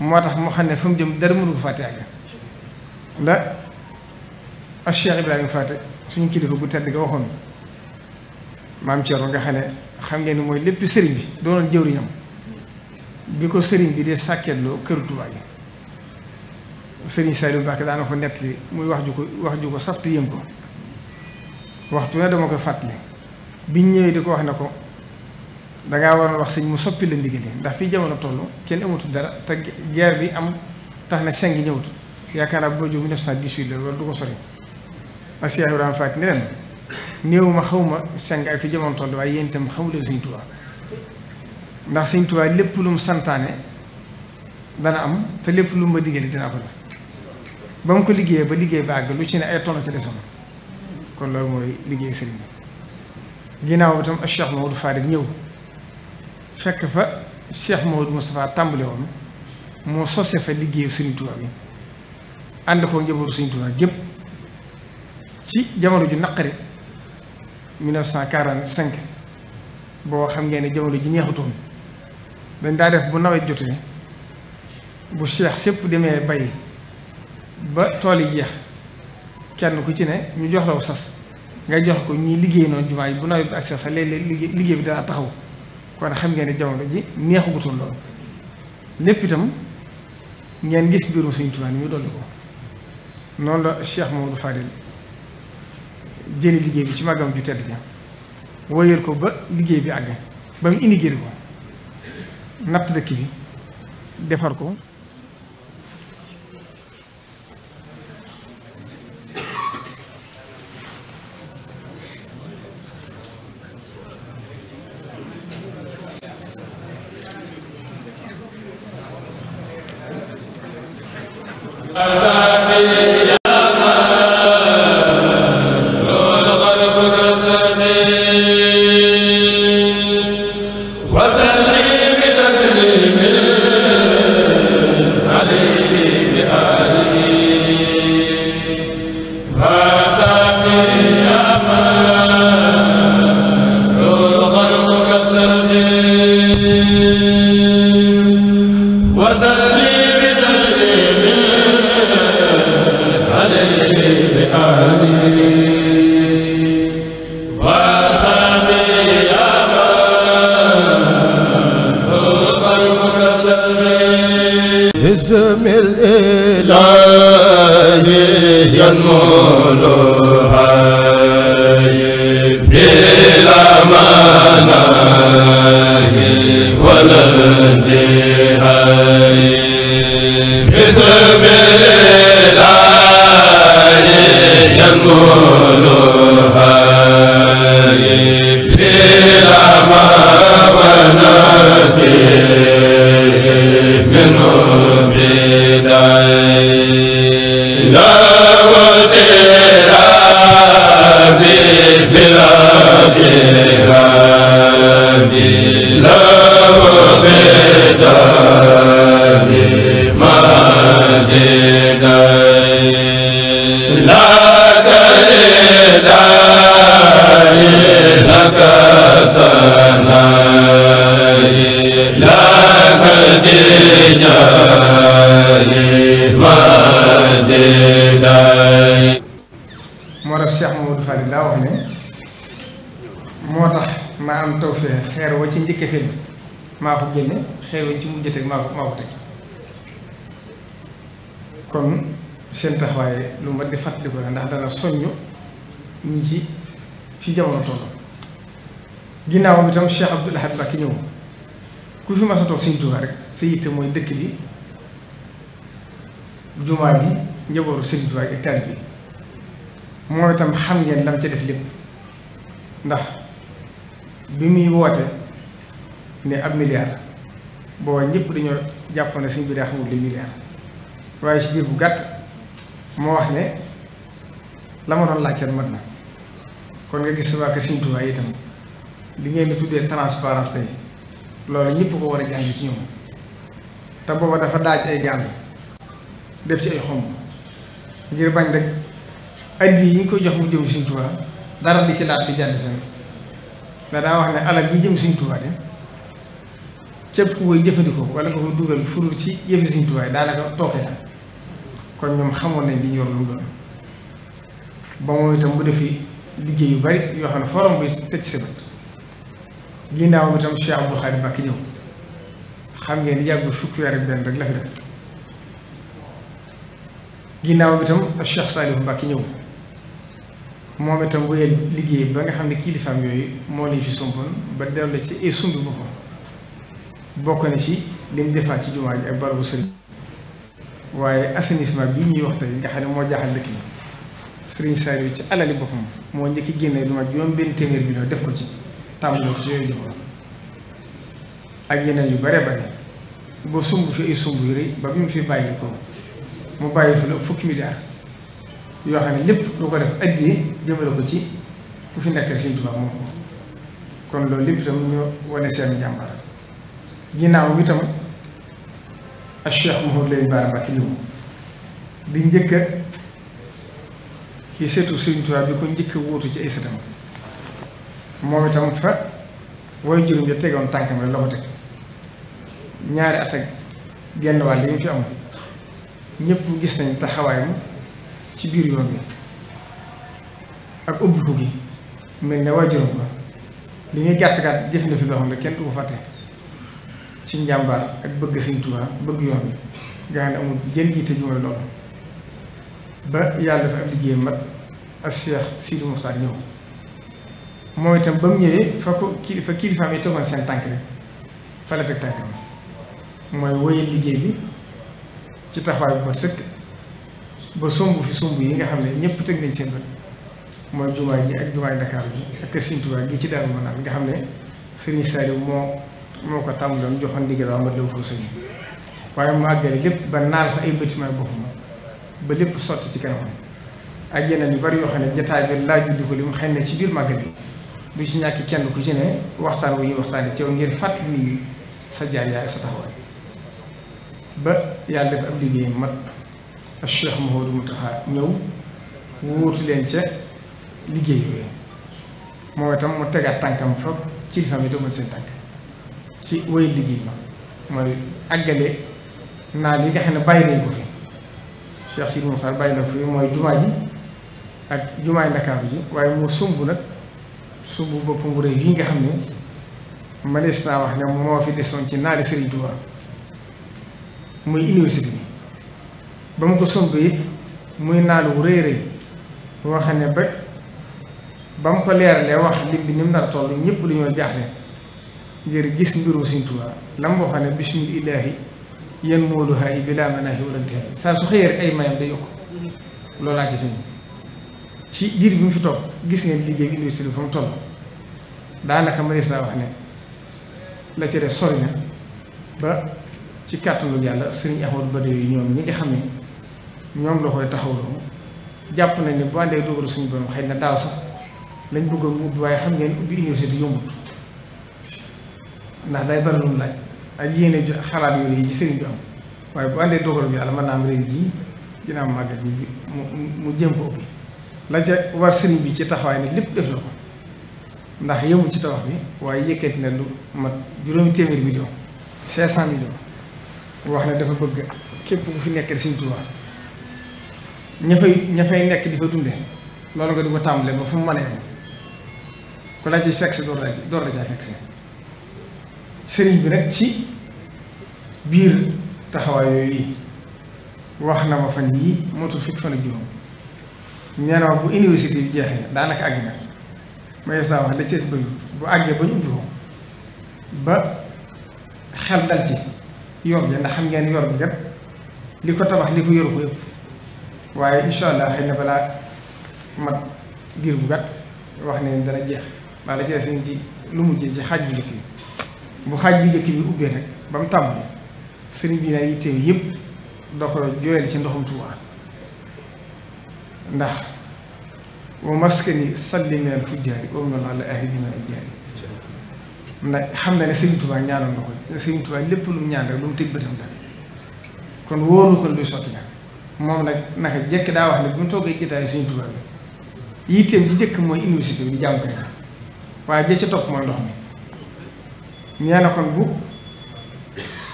moo tax mu xam ne fa mu jëm dara mënu ko fàtte àgg la ak Cheikh Ibrahima Fàtte suñu kilifa gu tedd ko waxoon maam Thierno nga xam ne xam ngeen ni mooy lépp sëriñ bi doonoon jëwriñam bi ko sëriñ bi dee sàkketloo kër Touba yi sëriñ Saliou Mbacke daana ko nett li muy wax ju ko wax ju ko safti yëm ko waxtu ne dama koy fàttali biñ ñëwee di ko wax ne ko dangaa waroon wax sëñ mu soppi la ndigal yi ndax fii jamono toll kenn amatul dara te guerre bi am tax na seng ñëwut yaakaar naa boo jóg 1918 la loolu du ko sori ba Cheikh Ibrahima Faat ni leen néew ma xaw ma sang ak fi jamono toll waaye yéen itam xamu leen Sëñ ndax Sëñ Tuubaa lépp lu mu santaane dana am te lépp lu mu ma diggante dina ko def ba mu ko liggéeyee ba liggéey ba àgg lu ci ne ay tonn ci kon loolu mooy liggéey sëriñ bi ginnaaw bi tam Cheikh Maodo Farid ñëw fekk fa Cheikh Maodo Moustapha tàmbale woon moo sose fa liggéeyu Sëriñ Tuubaa bi ànd ko njabootu Sëriñ Tuubaa ci jamono ju naqari 1945 boo xam ngeen ne jamono ji neexutoon dañ daa def bu nawet jotee bu seex sépp demee bay ba tool yi jeex kenn ku ci ne ñu jox law sas nga jox ko ñuy liggéey noonu jumaa yi bu nawet bi ak sax léeg-léeg liggéey bi dana taxaw kon xam ngeen ne jamono ji neexugutoon loolu lépp itam ngeen gis biirum Sëriñ Tuubaa ni mu ko noonu la Cheikh Mamadou Fadil jële liggéey bi ci magam ju tedd ja woyal ko ba liggéey bi àgg ba mu inigré ko natt dëkk bi defar ko waaye lu ma di fàttaliku la ndax dana soññ ñi ci fi jamono toll ginnaaw bi tam Cheikh Abdoul Ahad ñëw ku fi mas a toog Sëriñ Tuubaa rek sa yitte mooy dëkk bi jumaa bi njabootu Sëriñ Tuubaa ak taalibe bi moom itam xam ngeen lam ca def lépp ndax bi muy woote ne ab milliard booba ñëpp dañoo jàpp ne suñ bi daa xamul li milliard waaye ci diir bu gàtt moo wax ne la ma doon laajte mat na kon nga gis waa kër Sëriñ Tuubaa yi itam li ngeen di tuddee transparence tey loolu ñëpp ko war a jàng ci ñoom te booba dafa daaj ay gàll def ci ay xomb ngir bañ rek addi yi ñu koy jox mu jëm Sëriñ Tuubaa dara di ci laat bi jàll fenn da daa wax ne alal yi jëm Sëriñ Tuubaa de cëpp ku koy jëfandikoo wala nga koy dugal furul ci yëfi Sëriñ Tuubaa yi daanaka tookee tam kon ñoom xamoon nañ li ñu yor lu mu doon ba moom itam mu defi liggéey yu bari yoo xam ne forom bi tëj sa bët ginnaaw bi tam Cheikh Abdou Khadre Mbacké ñëw xam ngeen yàggu fukki weer ak benn rek la fi def ginnaaw bi tam Cheikh ñëw moom itam wéyal liggéey ba nga xam ne kilifaam yooyu moo lañ ba dem la ci ay sumb boppam bokk na ci li mu defaat ci jumaa ji ak barabu sëriñ waaye assainissement bi ñuy wax tey nga xam ne moo jaaxal dëkk yi Serigne Saliou ci alali boppam moo njëkki génne lu ma juróom benn téeméer bi def ko ci tàmbali ko ci yooyu yeneen yu bare bare ba sumb fi ay sumb yu mu bàyyi ko mu bàyyi fi lu xam ne lépp du ko def addiyee jëmale ko ci ku fi nekkal Serigne Touba moom ko kon loolu lépp itam ñu wane seen jàmbaar ginnaaw mi tam ak Cheikh Mouhamadou Lamine Bara Mbacké ñëw di njëkk a ci seetu Serigne Touba bi ko njëkk a wóotu ci ay sëtam moom itam fa way juróom ya tegoon tànkam rek la ko teg ñaari at ak genn wàll yi mu fi am ñëpp gis nañ taxawaayam ci biir yoon bi ak ubbiku gi mel ne way juróom ba li ñuy gàtt gàtt jëf na fi loo xam kenn du ko fàtte. ci njàmbaar ak bëgg Sëriñ bëgg yoon bi nga xam ne amul jën jiite ju mooy loolu ba yàlla dafa ab liggéeyam mat ak Cheikh Sidi Moustapha ñëw moom itam ba mu ñëwee fa ko kii fa kilifaam yi seen tànk rek fa la teg tànkam mooy wéyal liggéey bi ci taxawaay bu mat sëkk ba somb fi somb yi nga xam ne ñëpp teg nañ seen bët mooy jumaa ji ak jumaa Dakar bi ak kër Sëriñ gi ci Daaru Manaan nga xam ne Sëriñ Saliou moo moo ko tàmbaloon joxoon ndigal waa ma dëw foofu sëñ waaye mu àggale lépp ba naal fa ay bâtiment boppam ba lépp sotti ci kanam ak yeneen yu bari yoo xam ne jotaay bi laaj juddu ko li mu xëy ne ci biir màggal bi du ci ñàkk kenn ku ci ne waxtaan wu ñuy waxtaanee ci yow ngir fàttali ni sa jaar yaay sa taxawaay ba yàlla def ab liggéey mat ak Cheikh Mouhamadou Mountakha ñëw wóotu leen ca liggéey yooyu moom itam mu tegaat tànkam fa kilifaam yi doon seen tànk. ci way liggéey ba mooy àggale naa li nga xam ne bàyyi nañ ko fi Cheikh si Moussa bàyyi na ko fi mooy jumaa ji ak jumaay Ndakaaru ji waaye mu sumb nag sumb boppam bu rëy yi nga xam ne manees naa wax ne moo fi desoon ci naari Serigne Touba muy université bi ba mu ko sumb yi muy naalu wu rëy rëy boo xam ne ba ba mu ko leeralee wax lim bi ni mu nar a toll ñëpp dañoo jaaxle ngir gis mbirum Sëriñ Tuubaa la mu waxoon ne bismillaahi yan mooluhaa yi bi laa manaahi wala intihaa saa su xëyee rek ay mayam day yokk loolaa ci feeñ ci diir bi mu fi toog gis ngeen liggéey université bi fa mu toll daanaka ma saa wax ne la ci des sori na ba ci kàttanu yàlla sëriñ Ahmadu Badawi yi ñoom ñi nga xam ne ñoom la koy taxawloo jàpp nañ ne bu àndee dugal suñu borom xëy na daaw sax lañ bëgg a ubbi waaye xam ngeen ubbi université yombut ndax day bari lu laaj ak yéene jo xalaat yooyu yi ci sëriñ bi am waaye bu àndee dogal bi yàlla mën naa am ren jii dina am màggat bi mu jëm ko ubbi la ca war sëriñ bi ci taxawaay nag lépp def na ko ndax yëmu ci tabax bi waaye yëkkati na lu mat juróomi téeméeri million cinq cent million wax ne dafa bëgg képp ku fi nekk di Sëriñ Tuubaa ña fay ña fay nekk di fa dunde loolu nga di ko tàmbalee ba fu mu mënee ko ku la ci fekk si door la door la fekk si sëriñ bi nag ci biir taxawaay yooyu wax na ma fan yii motul fukki fan ak juróom nee bu université bi jeexee daanaka àgg na ma saa wax da cee bëri bu àggee ba ñu ubbi ba xel dal ci yor bi ndax xam ngeen yor bi kat li ko tabax li ko yoru ko yëpp waaye incha allah xëy na balaa mat giir bu gàtt wax ne dana jeex ndax la jeex seen ci lu mujjee ci xaaj bu njëkk yi bu xaaj bu njëkk bi ubbee nag ba mu tàmbali sëriñ bi nag yitteew yëpp da ko jooyal ci ndoxum Tuubaa ndax wa ni salli minal fujjaari wa minal ala ahli minal jaari nag xam na ne sëriñ Tuubaa ñaanoon ko sëriñ lépp lu ñaan lu mu tëj kon wóoru kon luy sotti la moom nag naka jekk daa wax ne bu mu toogee jotaayu sëriñ Tuubaa bi yitteem di njëkk mooy université bi di jàmm waaye ja ca topp mooy ndox mi nee na kon bu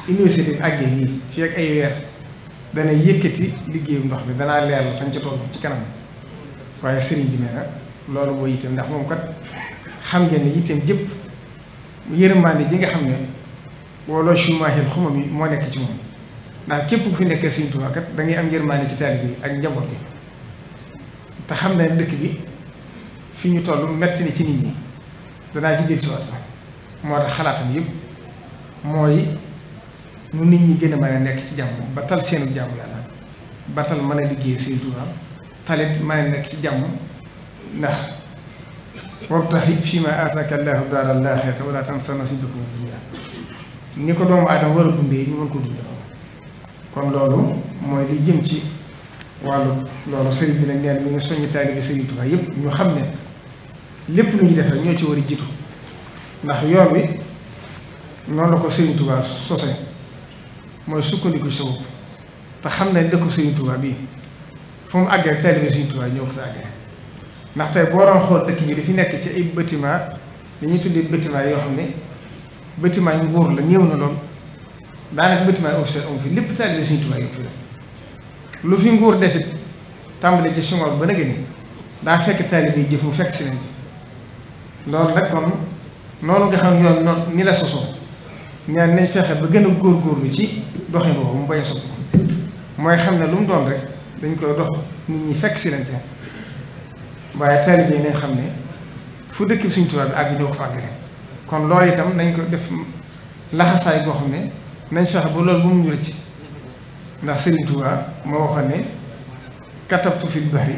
université bi àggee nii fii ak ay weer dana yëkkati liggéeyu ndox bi danaa leeral fañ ci toll ci kanam waaye sëriñ bi nee na loolu moo yitteem ndax moom kat xam ngeen ne yitteem jëpp yërmande ji nga xam ne wala chumahil xuma bi moo nekk ci moom ndax képp ku fi nekkee Sëriñ Tuubaa kat da ngay am yërmande ci taalibe bi ak njaboot bi te xam ne dëkk bi fi ñu toll metti ni ci nit ñi danaa ci jël si waat sax moo tax xalaatam yëpp mooy nu nit ñi gën a mën nekk ci jàmm ba tal seenu jàmm yàlla ba tal mën liggéey Sëriñ Tuubaa talit mën a nekk ci jàmm ndax wabtaxi fiimaa aataaka llaahu daaral aaxirata wa laa tansa nasiibaka mina dunyaa ni ko doomu aadama war a dundee ñu mën ko kon loolu mooy li jëm ci wàllu loolu sëriñ bi nag neen mi ngi soññi taalibe Sëriñ Tuubaa yëpp ñu xam ne lépp lu ñu def rek ñoo ci war a jitu ndax yoon wi noonu la ko Serigne Touba sose mooy sukkandiku sa bopp te xam ne dëkku Serigne Touba bii fu mu àggee taalibe Serigne Touba ñëw fa àggee ndax tey boo doon xool dëkk bi fi nekk ci ay bâtiment dañuy tuddee bâtiment yoo xam ne bâtiment nguur la néew na lool daanaka bâtiment yi officiel fi lépp taalibe Serigne Touba fi lu fi nguur defit tàmbali ci Senghor ba nag ni daa fekk taalibe yi jëf mu fekk si leen loolu nag noonu nga xam ni la sosoo ñaan nañ fexe ba gën a góorgóorlu ci doxin boobu mu bañ a soppi ko mooy xam ne lu mu doon rek dañ koy dox nit ñi fekk si lañ ca waaye taalibe yi nañ xam ne fu dëkk bi suñ tubaab bi àgg ñoo ko kon loolu itam nañ ko def laxasaay boo xam ne nañ fexe ba loolu bu mu ñu rëcc ndax Serigne Touba moo waxoon ne katabtu fil bahri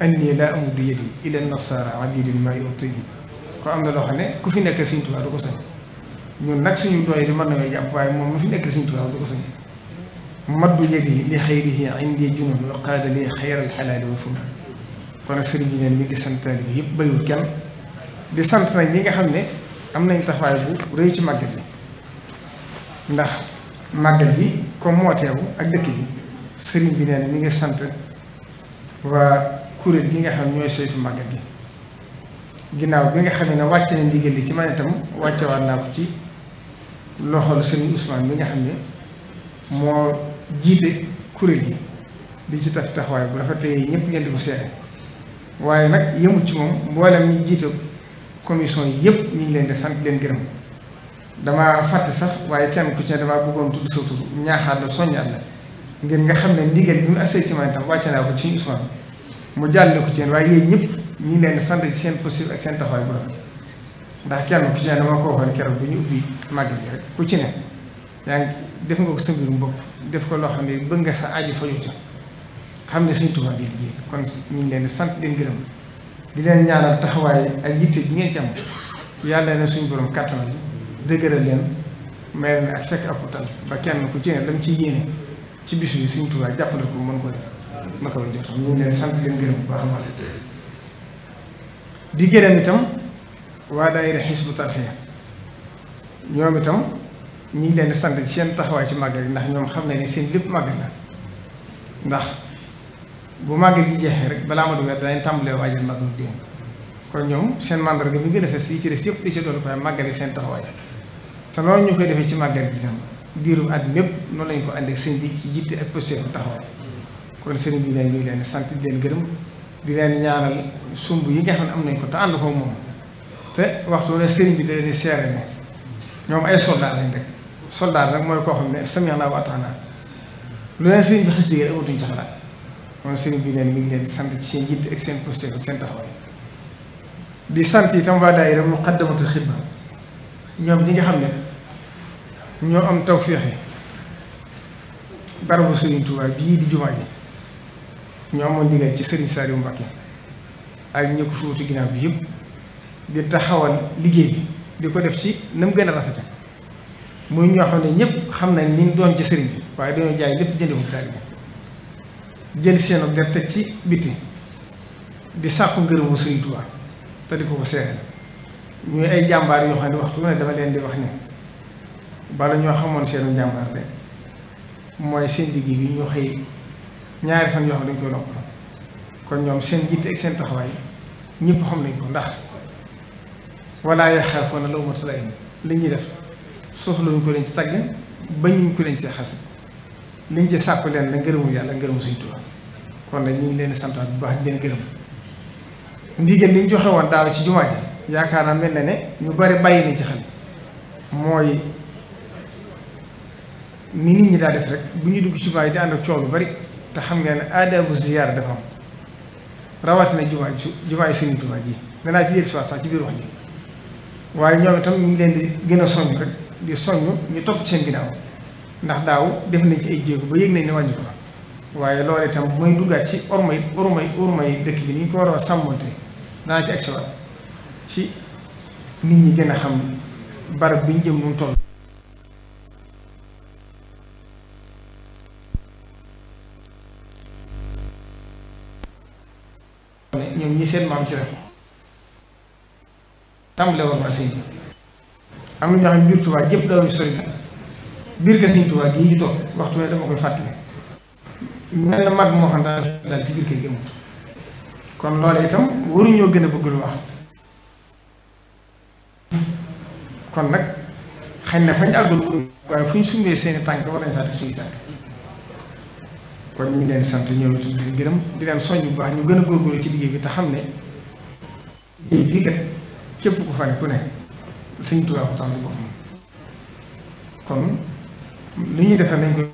anni laa amudu yadi ila nasara abidil ma'i kon na loo xam ne ku fi nekk Sëriñ Tuubaa du ko sañ ñun nag suñu doy di mën nañoo jàpp waaye moom mu fi nekk Sëriñ Tuubaa du ko sañ maddu yëdi li xayrihi indi junun wa qaada li xayral xalaali wa fur kon nag sëriñ bi neen mi ngi sant bi yëpp bayiwul kenn di sant nag ñi nga xam ne am nañ taxawaay bu rëy ci màggal bi ndax màggal bi comme moo teewu ak dëkk bi sëriñ bi neen mi ngi sant waa kuréel gi nga xam ñooy saytu màggal bi ginnaaw bi nga xam ne wàcce na ndigal li ci man itam wàcce waat naa ko ci loxol sëñ Ousmane bi nga xam ne moo jiite kuréel gi di ci tax taxawaay bu dafa tey ñëpp ngeen di ko seere waaye nag yëmut ci moom mboolem ñi jiite commission yëpp ñu ngi leen di sant leen gërëm damaa fàtte sax waaye kenn ku ci ne damaa bëggoon tudd sa tur ñaaxaat la soññaat la ngeen nga xam ne ndigal bi mu assee ci man wàcce naa ko ci Ousmane mu jàll ko ci yéen waaye ñëpp. ñu ngi leen di sant ci seen possible ak seen taxawaay bu rafet ndax kenn ku ci ne dama ko waxoon keroog bu ñu ubbi mag bi rek ku ci ne yaa ngi def nga ko sa mbirum bopp def ko loo xam ne bëgg nga sa aju faju ca xam ne suñ Tuubaa di liggéey kon ñu ngi leen di sant leen gërëm di leen ñaanal taxawaay ak yitte ji ngeen ci am yàlla na suñu borom kàttanal dëgëral leen may leen ak fekk ak utal ba kenn ku ci ne lam ci yéene ci bis bi suñu Tuubaa jàppale ko mën ko def naka la jot ñu leen sant leen gërëm bu baax a baax di gërëm itam waa daayira bu Tarqiyyah ñoom itam ñu ngi leen di sant ci seen taxawaay ci màggal gi ndax ñoom xam nañ ne seen lépp màggal la ndax bu màggal gi jeexee rek balaa ma du weer danañ tàmbalee waajal màggal gi kon ñoom seen màndarga bi gën a fes yi ci des yëpp di ci doon koy màggal seen taxawaay te loolu ñu koy defee ci màggal gi itam diiru at mépp noonu lañ ko àndee sëñ bi ci jiite ak posture taxawaay kon sëñ bi ñu ngi leen di sant di leen gërëm. di leen ñaanal sumb yi nga xam ne am nañ ko te ànd ko moom te waxtu ne sëriñ bi da leen seere ne ñoom ay soldat lañ rek soldat rek mooy koo xam ne samiha naa wa ataana lu leen sëriñ bi xas kon sëriñ bi neen mi ngi leen di sant ci seen jiite ak seen posté ak seen taxawaay di sant yi itam waa daayira Muqaddamatul Xidma ñoom ñi nga xam ne ñoo am tawféex yi barabu sëriñ Tuubaa bii di jumaa ji ñoo amoon liggéey ci Serigne Saliou Mbacké ak ñi ko fi wuti ginnaaw bi yëpp di taxawal liggéey bi di ko def ci ne mu gën a rafete muy ñoo xam ne ñëpp xam na ni doon ci Serigne bi waaye dañoo jaay lépp jëndee wu taalibe jël seen ak der teg ci biti di sàkku ngërëmu Serigne Touba ko ko seereel ñuy ay jàmbaar yoo xam ne waxtu ne dama leen di wax ne bala ñoo xamoon seenu jàmbaar de mooy seen liggéey bi ñu xëy. ñaari fan yoo xam dañ koy nopp kon ñoom seen yitte ak seen taxawaay ñëpp xam nañ ko ndax walla yaxaafuuna lawmata laa'im li ñuy def soxlawuñ ko leen ci tàgg bañuñ ko leen ci xas liñ ci sàkku leen la ngërëmul yàlla ngërëmu Sëriñ Tuubaa kon nag ñu ngi leen di santaat bu baax di leen gërëm ndigal liñ joxe woon daal ci jumaa ji yaakaar naa mel na ne ñu bari bàyyi nañ ci xel mooy ni nit ñi daa def rek bu ñu dugg ci baay di ànd ak coow lu bari te xam ngeen ne aadaabu ziyaara dafa am rawatina jumaa ju jumaa yi Sëriñ Tuubaa ji danaa ci jël si waat sax ci biir wax ji waaye ñoom itam ñu ngi leen di gën a soññ rek di soññ ñu topp seen ginnaaw ndax daaw def nañ ci ay jéego ba yëg nañ ne wàññi ko waaye loolu itam mooy duggaat ci orma yi orma yi dëkk bi ni ñu ko war a sàmmonte danaa ci agsi waat ci nit ñi gën a xam barab bi ñu jëm nu mu toll ñoom ñi seen maam ci rek tàmbale woon marché yi am na ñoo xam biir Tuubaa jëpp dawal sori na biir ka Sëñ Tuubaa gii ñu toog waxtu ne dama koy fàttali mel na mag moo xam daal daal biir kër gi kon loolu itam waruñoo gën a bëgg lu wax kon nag xëy na fañ àggul waaye fu ñu sumbee seeni tànk war lañ faa teg suñu tànk kon ñu ngi leen sant ñoom itam di leen di leen soññ bu baax ñu gën a góorgóorlu ci liggéey bi te xam ne liggéey bii kat képp ku fa ne ku ne suñ tubaab ko tax di boppam kon lu ñuy defar nañ koy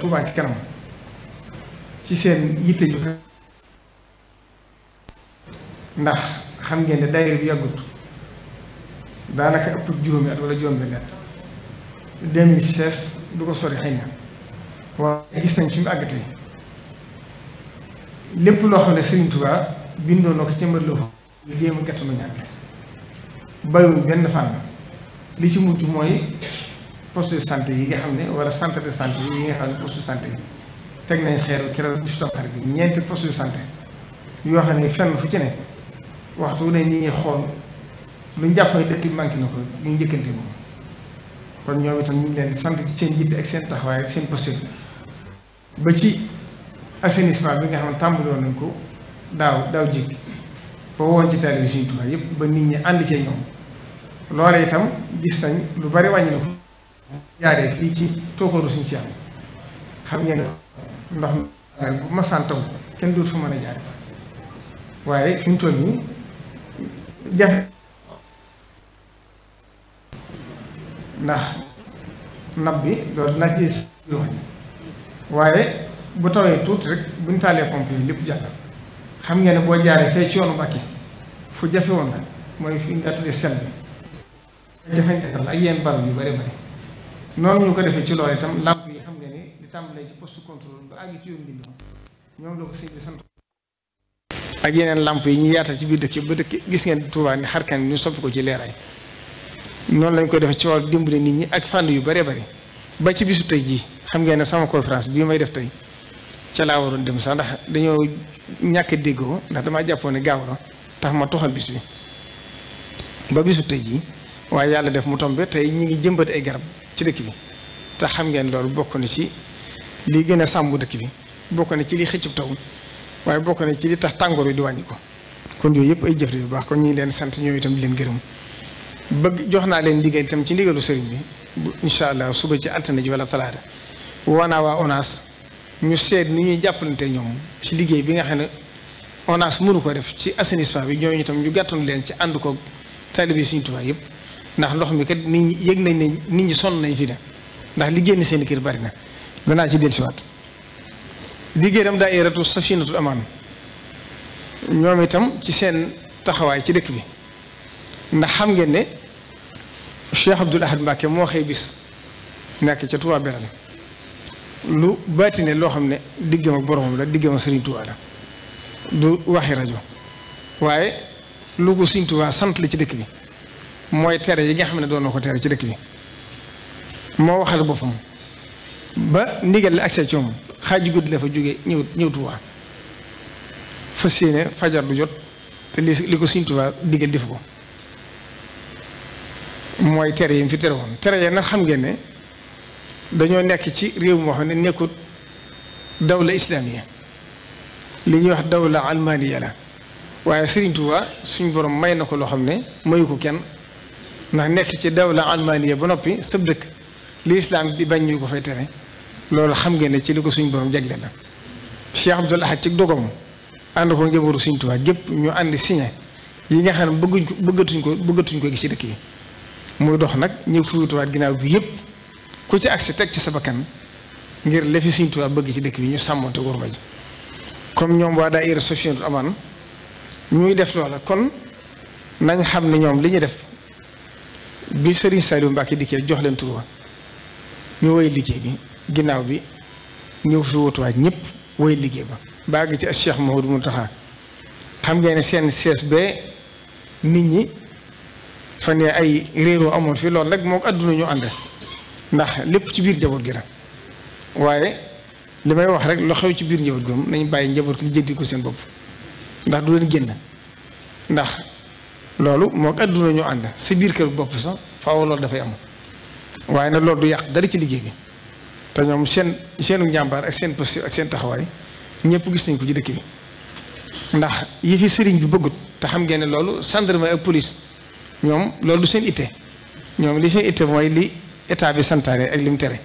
tubaa ci kanam ci seen yitte ju ndax xam ngeen ne daayira bi yàggut daanaka ëpp juróomi at wala juróom benn at 2016 du ko sori xëy na waaye gis nañ fi mu àgg tey lépp loo xam ne Serigne Touba bindoo na ko ca Mbadou Lofa ñu jéem a gàtt nañu àgg bàyyiwuñ benn fànn li ci mujj mooy poste de santé yi nga xam ne wala centre de santé yi nga xam ne poste de santé yi teg nañ xeeru keroog bisu tamxarit bi ñeenti post de santé yoo xam ne fenn fu ci ne waxtu ne ñi ngi xool lu ñu jàpp ne dëkk bi na ko ñu njëkkante moom. kon ñoom itam ñu ngi leen sant ci seen jiite ak seen taxawaay ak seen posture ba ci assainissement bi nga xam ne tàmbali woon nañ ko daaw daaw jig ba woon ci taalibe Sëriñ Tuubaa yëpp ba nit ñi ànd cee loole itam gis nañ lu bari wàññi fii ci tookooru si am xam ngeen ndox mi bu masaan kenn dootu fa mën a jaare waaye fi mu toll nii ndax nab bi loolu dinaa gis lu wax waaye bu tawee tuuti rek buñ taalee pompe lépp jàll xam nga ne boo jaaree fee ci yoonu Mbàkke fu jafe woon na mooy fi nga tuddee sel bi jafe ak yenn barab yu bari bari ko defee ci loolu itam làmp yi xam nga ne di tàmbalee ci poste contrôle ba àgg ci yoon dindi ñoom la ko yeneen làmp yi ñu yaatal ci biir dëkk ba dëkk gis ngeen Tuubaa ni xarkan ñu soppi ko ci leeraay noonu lañu koy def ci wàllu dimbali nit ñi ak fànn yu bare bare ba ci bisu tey jii xam ngeen ne sama conférence bii may def tey ca laa waroon dem sax ndax dañoo ñàkk a déggoo ndax damaa jàppoon ne gaaw na tax ma toxal bis bi ba bisu tey jii waaye yàlla def mu tombe tey ñi ngi jëmbat ay garab ci dëkk bi te xam ngeen loolu bokk na ci li gën a sàmm dëkk bi bokk na ci li xëccub taw waaye bokk na ci li tax tàngoor yi di wàññi ko kon yooyu yëpp ay jëf yu baax kon ñu leen sant ñoo itam di leen gërëm bëgg jox naa leen ndigal itam ci ndigalu sëriñ bi bu incha allah suba ci altine ji wala talaata waanaa waa ONAS ñu seet ni ñuy jàppalante ñoom ci liggéey bi nga xam ne ONAS mënu ko def ci assainissement bi ñooñu itam ñu gàttoon leen ci ànd ko taalibe suñu Tuubaa yëpp ndax ndox mi kat nit ñi yëg nañ ne nit ñi sonn nañ fi de ndax li génn seen kër bari na danaa ci dellusiwaat liggéey dam daa iratu safinatul amaan itam ci seen taxawaay ci dëkk bi ndax xam ngeen ne Cheikh Abdoul Ahad Mbacké moo xëy bis nekk ca tuwaa Belal lu baatine loo xam ne diggam ak boromam la diggam ak Serigne Touba la du waxi rajo waaye lu ko Serigne Touba sant la ci dëkk bi mooy tere yi nga xam ne doon na ko tere ci dëkk bi moo waxal boppam ba ndigal la accès xaaj moom xaaju guddi la fa jóge ñëw ñëw Touba fas yéene fajar du jot te li li ko Serigne Touba digal def ko mooy tere yi mu fi tere woon tere ya nag xam ngeen ne dañoo nekk ci réew moo xam ne nekkut dawla islamiya li ñuy wax la almaniya la waaye Serigne Touba suñ borom may na ko loo xam ne mayu ko kenn ndax nekk ci dawla almaniya ba noppi sëb dëkk li islam di bañ ñu ko fay tere loolu xam ngeen ne ci li ko suñ borom jagle na Cheikh Abdoul Ahad ci dogam ànd ko njëbaru Serigne Touba gépp ñu ànd signé yi nga xam ne bëgguñ ko bëggatuñ ko bëggatuñ ko gis ci dëkk bi muy dox nag ñëw fuyutuwaat ginnaaw bi yëpp ku ci agsi teg ci sa bakkan ngir lefi Sëriñ Tuubaa bëgg ci dëkk bi ñu sàmmonte worma ji comme ñoom waa daayira Safinatoul Amaan ñuy def loola kon nañ xam ne ñoom li ñu def bi Serigne Saliou Mbacké dikkee jox leen Tuubaa ñu woy liggéey bi ginnaaw bi ñëw fi wutuwaat ñëpp woy liggéey ba baa gi ci Cheikh Mouhamadou Mountakha xam ngeen ne seen CSB nit ñi fan yee ay réeroo amoon fii loolu rek moo ko àdduna ñu ànd ndax lépp ci biir njaboot gi la waaye li may wax rek lu xew ci biir njaboot gi moom bàyyi njaboot li jëndi ko seen bopp ndax du leen génn ndax loolu moo ko àdduna ñu ànd sa biir kër bopp sax faaw loolu dafay am waaye na loolu du yàq dara ci liggéey bi te ñoom seen seenu njàmbaar ak seen poste ak seen taxawaay ñëpp gis nañ ko ci dëkk bi ndax yi fi sëriñ bi bëggut te xam ngeen ne loolu gendarmerie ak police ñoom loolu du seen itte ñoom li seen itte mooy li état bi santaane ak lim tere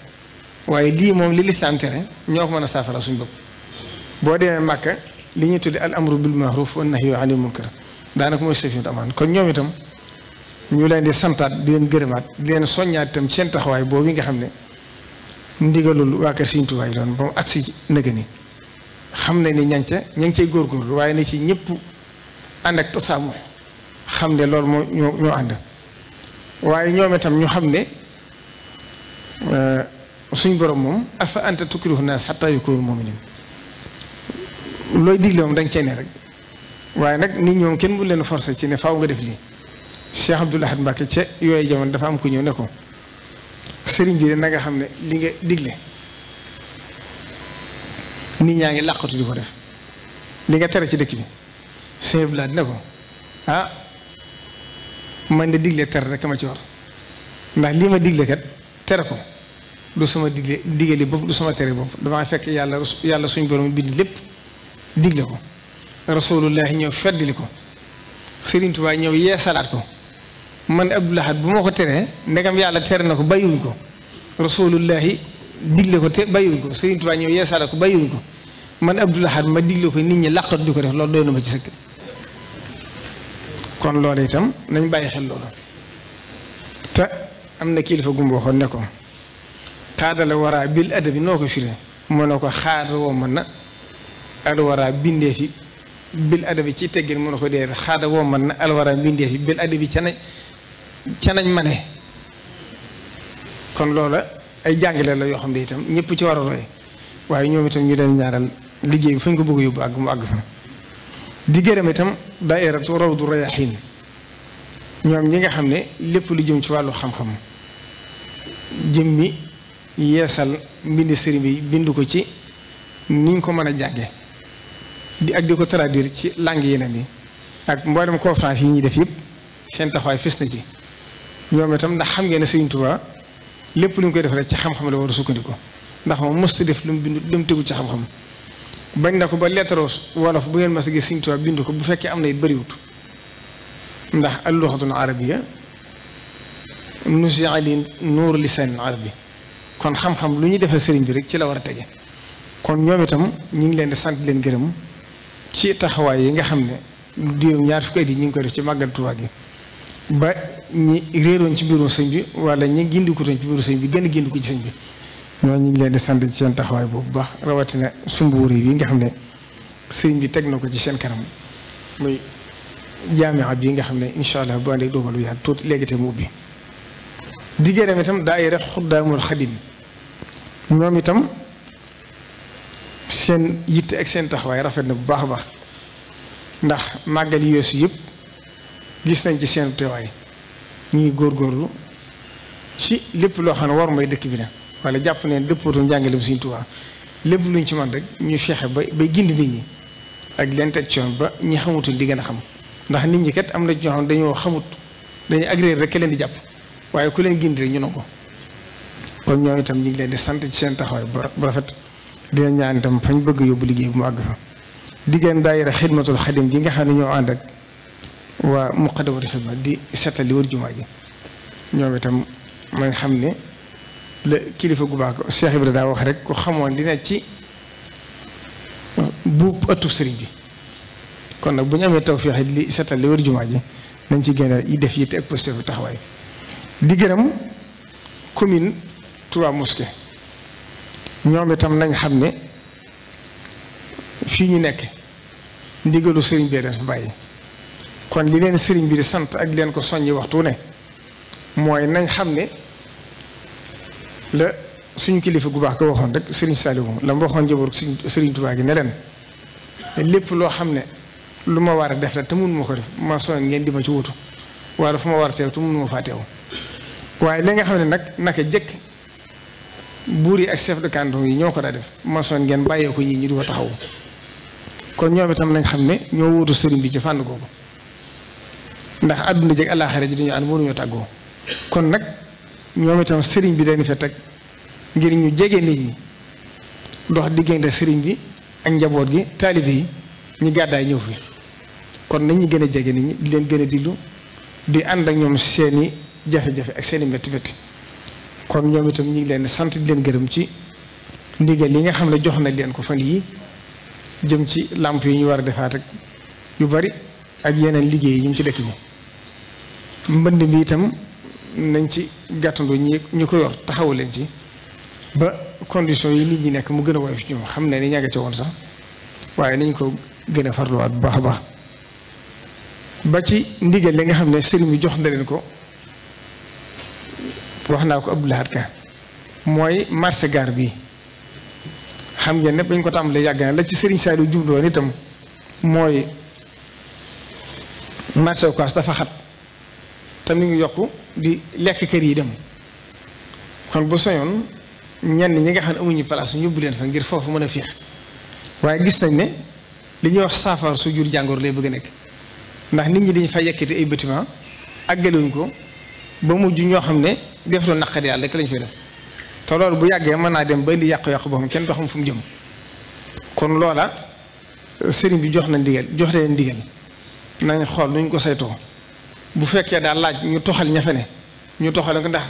waaye lii moom li lislaam tere ñoo ko mën a saafara suñ bopp boo demee Màkka li ñuy tudde al amru bil maaruf wa nahyu anil munkar daanaka mooy safiinatu amaan kon ñoom itam ñu leen di santaat di leen gërëmaat di leen soññaat itam seen taxawaay boobu yi nga xam ne ndigalul waa kër Sëriñ Tuubaa yi doon ba mu agsi ci xam nañ ni ña ca ña ngi cay góorgóorlu waaye na ci ñëpp ànd ak tasaamu xam ne loolu moo ñoo ñoo ànd waaye ñoom itam ñu xam ne euh, suñ borom moom afa anta tukrihu naas xataa moom muminin looy digle moom da nga cee ne rek waaye nag nit ñoom kenn mu leen forcer ci ne faw nga def lii Cheikh Abdoul Ahad Mbacké ca yooyu jamono dafa am ko ñëw ne ko sëriñ bi de xam ne li nga digle nit ñaa ngi làqatu di ko def li nga tere ci dëkk bi sëriñ Abdoul Ahad ne ko ah, man de digle ter rek ma ci war ndax lii ma digle kat tere ko du suma digle digale bopp du sama tere bopp damaa fekk yàlla yàlla suñ borom bind lépp digle ko rasulullahi ñëw feddali ko Sëriñ Tuubaa ñëw yeesalaat ko man Abdul Ahad bu ma ko teree ndegam yàlla tere na ko bàyyiwuñ ko rasulullahi digle ko te bàyyiwuñ ko Sëriñ Tuubaa ñëw yeesalaat ko bàyyiwuñ ko man Abdul Ahad ma digle ko nit ñi làqatu di ko def loolu doy na ma ci sëkk kon loolu itam nañ bàyyi xel loolu te am na kilifa gumba waxoon ne ko xaadala waraa bil adabi noo ko firi mu ne ko xaar mën na alwaraa bindee fi bil adabi ci teggin mu ne ko dee xaada woo mën na alwaraa bindee yi bil adabi ca nañ ca nañ ma kon loola ay jàngale la yoo xam ne itam ñëpp ci war a roy waaye ñoom itam ñu leen ñaaral liggéey bi fu ñu ko bëgg yóbbu ak mu àgg fa di gërëm itam daairatu rawdu rayaxiin ñoom ñi nga xam ne lépp lu jëm ci wàllu xam-xam mi yeesal mbind sëriñ bi bind ko ci ni ñu ko mën a jànge di ak di ko traduire ci langue yeneen yi ak mboolem conférence yi ñuy def yëpp seen taxawaay fes na ci ñoom itam ndax xam ngeen ne Sëriñ Tuubaa lépp lu ñu koy def rek ci xam-xam la war a sukkandiku ndax moom mosut def lu mu bind lu mu tegu ci xam-xam. bañ na ko ba lettre wolof bu ngeen mas a gis Sëriñ Tuubaa bind ko bu fekkee am na it bëriwut ndax alluxatul arabiya nusia li seen lisaan arabi kon xam-xam lu ñuy defal sëriñ bi rek ci la war a tege kon ñoom itam ñu ngi leen di sant leen gërëm ci taxawaay yi nga xam ne lu diirum ñaar fukki at yi ñu ngi koy def ci màggal Tuubaa gi ba ñi réeroon ci biiru sëñ bi wala ñi gindikutoon ci biiru sëñ bi gën a gindiku ci sëñ bi ñoo ñu ngi leen di sant ci seen taxawaay boobu bu baax rawatina sumbuur yi nga xam ne sëriñ bi teg na ko ci seen kanam muy jaamia yi nga xam ne incha allah bu àndee dogal bi yàlla léegi te mu ubbi. di gërëm itam daayira Xuddaamul Xadim ñoom itam seen yitte ak seen taxawaay rafet na bu baax a baax ndax màggal yi weesu yëpp gis nañ ci seen teewaay ñuy góorgóorlu ci lépp loo xam ne war mooy dëkk bi na wala jàpp neen dëppootu njàngale bi Sëriñ Tuubaa lépp luñ ci man rek ñu fexe ba bay gindi nit ñi ak leen teg coon ba ñi xamutul di gën a xam ndax nit ñi kat am na ñoo dañoo xamut dañu agréer rek leen di jàpp waaye ku leen gindi rek ñu ne ko kon ñoom itam ñu ngi leen di sant ci seen taxawaay bu rafet dina ñaan itam fañ bëgg yóbbu liggéey bu mu àgg fa diggéen daayira xidmatul xadim gi nga xam ne ñoo ànd ak waa muqaddamatul xidma di setal li wër jumaa ji ñoom itam ma nga xam ne la kilifa gu baax ko bi Ibrahima daa wax rek ku xamoon dina ci bu ëttu sëriñ bi kon nag bu ñu amee tawfeex li setal li wër jumaa ji nañ ci gën a yi def te ak posté bi taxawaay di gërëm commune Touba Mosquée ñoom itam nañ xam ne fii ñu nekk ndigalu sëriñ bee def bàyyi kon li leen sëriñ bi di sant ak leen ko soññi waxtu ne mooy nañ xam ne la suñu kilifa gu baax ko waxoon rek Serigne Saliou la mu waxoon njaboot Serigne Touba gi ne leen lépp loo xam ne lu ma war a def la te mun ma ko def ma sonn ngeen di ma ci wutu wala fu ma war a teew te faa waaye li nga xam ne nag naka jëkk buur yi ak chef de canton yi ñoo ko daa def ma sonn ngeen bàyyeeku ñii ñu di ko taxawu kon ñoom itam nañ xam ne ñoo wutu Serigne bi ci fànn googu ndax àdduna jëkk àllaaxira ji dañu ànd mënuñoo tàggoo kon nag. ñoom itam sëriñ bi dañu fa teg ngir ñu jege nii ñi dox diggante sëriñ bi ak njaboot gi taalibe yi ñu gàddaay ñëw fi kon nañu gën a jege nit ñi di leen gën a diglu di ànd ak ñoom seeni jafe-jafe ak seeni métti métti kon ñoom itam ñu ngi leen sant di leen gërëm ci ndigal yi nga xam ne jox na leen ko fa yi jëm ci làmp yi ñu war a defaat ak yu bari ak yeneen liggéey yi ñu ci dëkk bi mbënd bi itam nañ ci gàttandu ñi ñu ko yor taxawu leen ci ba condition yi nit ñi nekk mu gën a woyof ci xam ne ni ñàgg ca woon sax waaye nañ ko gën a farluwaat bu baax a baax ba ci ndigal li nga xam ne sëriñ bi jox na leen ko wax naa ko Abdoulaye Ka mooy marché gaar bi xam ngeen ne bañ ko tàmbalee yàgg na la ci sëriñ Saliou jublu woon itam mooy marché Ocass dafa xat te mi ngi yokku di lekk kër yi dem kon bu soñoon ñenn ñi nga xam ne amuñu place ñu yóbbu leen fa ngir foofu mën a féex waaye gis nañ ne li ñuy wax saafar su jur jàngoor lay bëgg a nekk ndax nit ñi dañu fa yekkati ay bâtiment àggaluñ ko ba mujj ñoo xam ne def lu naqari yàlla lañ fay def te lool bu yàggee mën naa dem ba indi yàqu-yàqu boo xam kenn doo xam fu mu jëm kon loola sëriñ bi jox na ndigal jox leen ndigal nañ xool nuñ ko saytoo. bu fekkee daal laaj ñu toxal ña fa ne ñu toxal ko ndax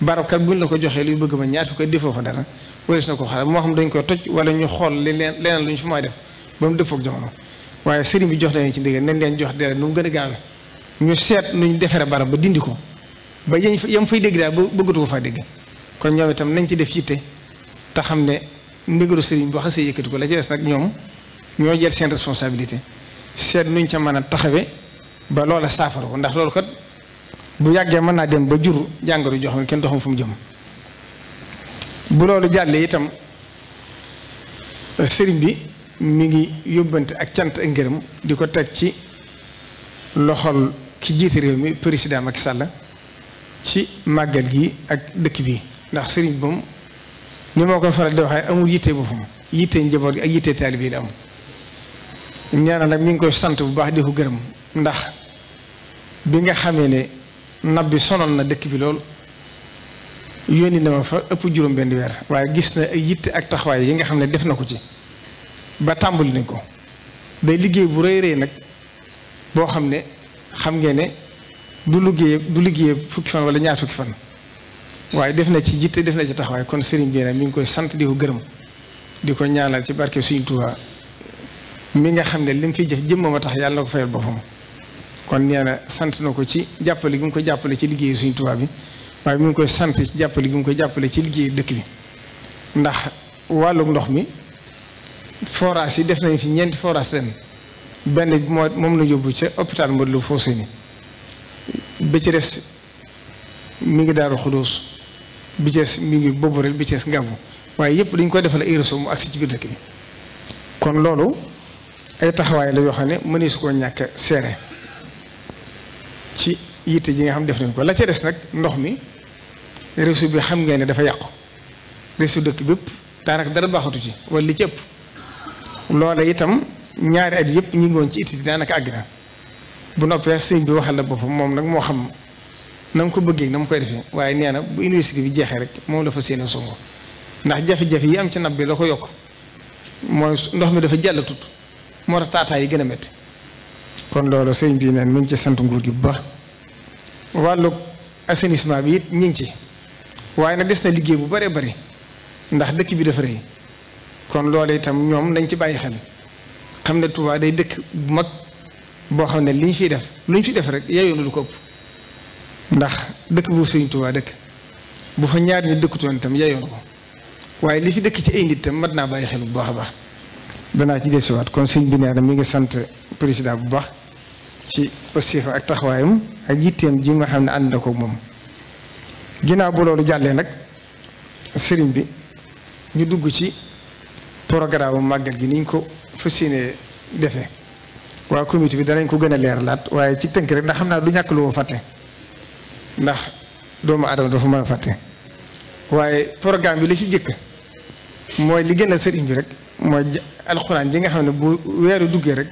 barabkat buñ la ko joxee luy bëgg ma ñaata koy defoo fa dara wala na ko xale moo xam dañ koy toj wala ñu xool li leen leneen lu ñu fa may def ba mu dëppook jamono waaye sëriñ bi jox leen ci ndigal nañ leen jox dara nu mu gën a gaawe ñu seet nu ñu defaree barab ba dindi ko ba yéen yam fay dégg daal ba bëggatu ko faa dégg kon ñoom itam nañ ci def yitte te xam ne ndigalu sëriñ boo xasee yëkkati ko la ci nag ñoom ñoo jël seen responsabilité seet nuñ ca mën a taxawee. ba loola saafara ko ndax loolu kat bu yàggee mën naa dem ba juru jàngoro jox xam ne kenn doxam fu mu jëm bu loolu jàllee itam sëriñ bi mu ngi yóbbante ak cant ak ngërëm di ko teg ci loxol ki jiite réew mi président Macky Sall ci màggal gi ak dëkk bi ndax sëriñ boom moom ni moo koy faral di waxee amul yitte boppam yitte njaboot gi ak yitte taalibe yi la am ñaanal nag mi ngi koy sant bu baax di ko gërëm ndax bi nga xamee ne nab bi sonal na dëkk bi lool yónni na ma fa ëpp juróom benn weer waaye gis na ay yitte ak taxawaay yi nga xam ne def na ko ci ba tàmbali nañ ko day liggéey bu rëy rëy nag boo xam ne xam ngeen ne du liggéey du liggéey fukki fan wala ñaar fukki fan waaye def na ci jitte def na ci taxawaay kon sëriñ bi nag mi ngi koy sant di ko gërëm di ko ñaanal ci barke Sëriñ Tuubaa mi nga xam ne li mu fiy jëf jëmmam a tax yàlla na ko fayal boppam kon nee na sant na ko ci jàppale gi mu ko jàppale ci liggéey suñu tubaab bi waaye mu ngi koy sant ci jàppale gi mu ko jàppale ci liggéey dëkk bi ndax wàllum ndox mi forage yi def nañ fi ñeenti forage ren benn bi moo moom la yóbbu ca hôpital Modou Lo Fosséni bi ci des mi ngi daaru xudóos bi ci des mi ngi boborel bi ci des ngàbbu waaye yëpp dañ koy defal ay mu agsi ci biir dëkk bi kon loolu ay taxawaay la yoo xam ne su koo ñàkk seere yitte ji nga xam def nañ ko la ca des nag ndox mi réseau bi xam nga ne dafa yàqu réseau dëkk bépp daanaka dara baaxatu ci wala li ci ëpp loola itam ñaari at yëpp ñu ngi woon ci itti daanaka àgg na bu noppee sëñ bi waxal la boppam moom nag moo xam na mu ko bëggee na mu koy defee waaye nee na bu université bi jeexee rek moom la fa séenee songo ndax jafe-jafe yi am ci nab bi la ko yokk mooy ndox mi dafa jàll tut moo tax taataa yi gën a métti kon loolu sëñ bi neen mu sant nguur bu baax wàllu assainissement bi it ñu ngi ci waaye nag des na liggéey bu bëree bëri ndax dëkk bi dafa rëy kon loolu itam ñoom nañ ci bàyyi xel xam ne tubaa day dëkk bu mag boo xam ne li ñu fiy def lu ñu fi def rek yeyoo na ko ëpp ndax dëkk bu suñ Touba dëkk bu fa ñaar ñi dëkkutoon itam yeyoo ko waaye li fi dëkk ci ay tam itam mat naa bàyyi xel bu baax a baax danaa ci waat kon suñ bi nee na mi ngi sant président bu baax ci positifam ak taxawaayam ak yitteem ji nga xam ne ànd na ko moom ginaaw bu loolu jàllee nag sëriñ bi ñu dugg ci programme màggal gi niñ ko fas defe defee waa comité bi danañ ko gën a leer leeralaat waaye ci tënk rek ndax xam naa du ñàkk loo fàtte ndax doomu aadama dafa mën a fàtte waaye programme bi la ci jëkk mooy li gën a sëriñ bi rek mooy alxuraan ji xam ne bu weeru duggee rek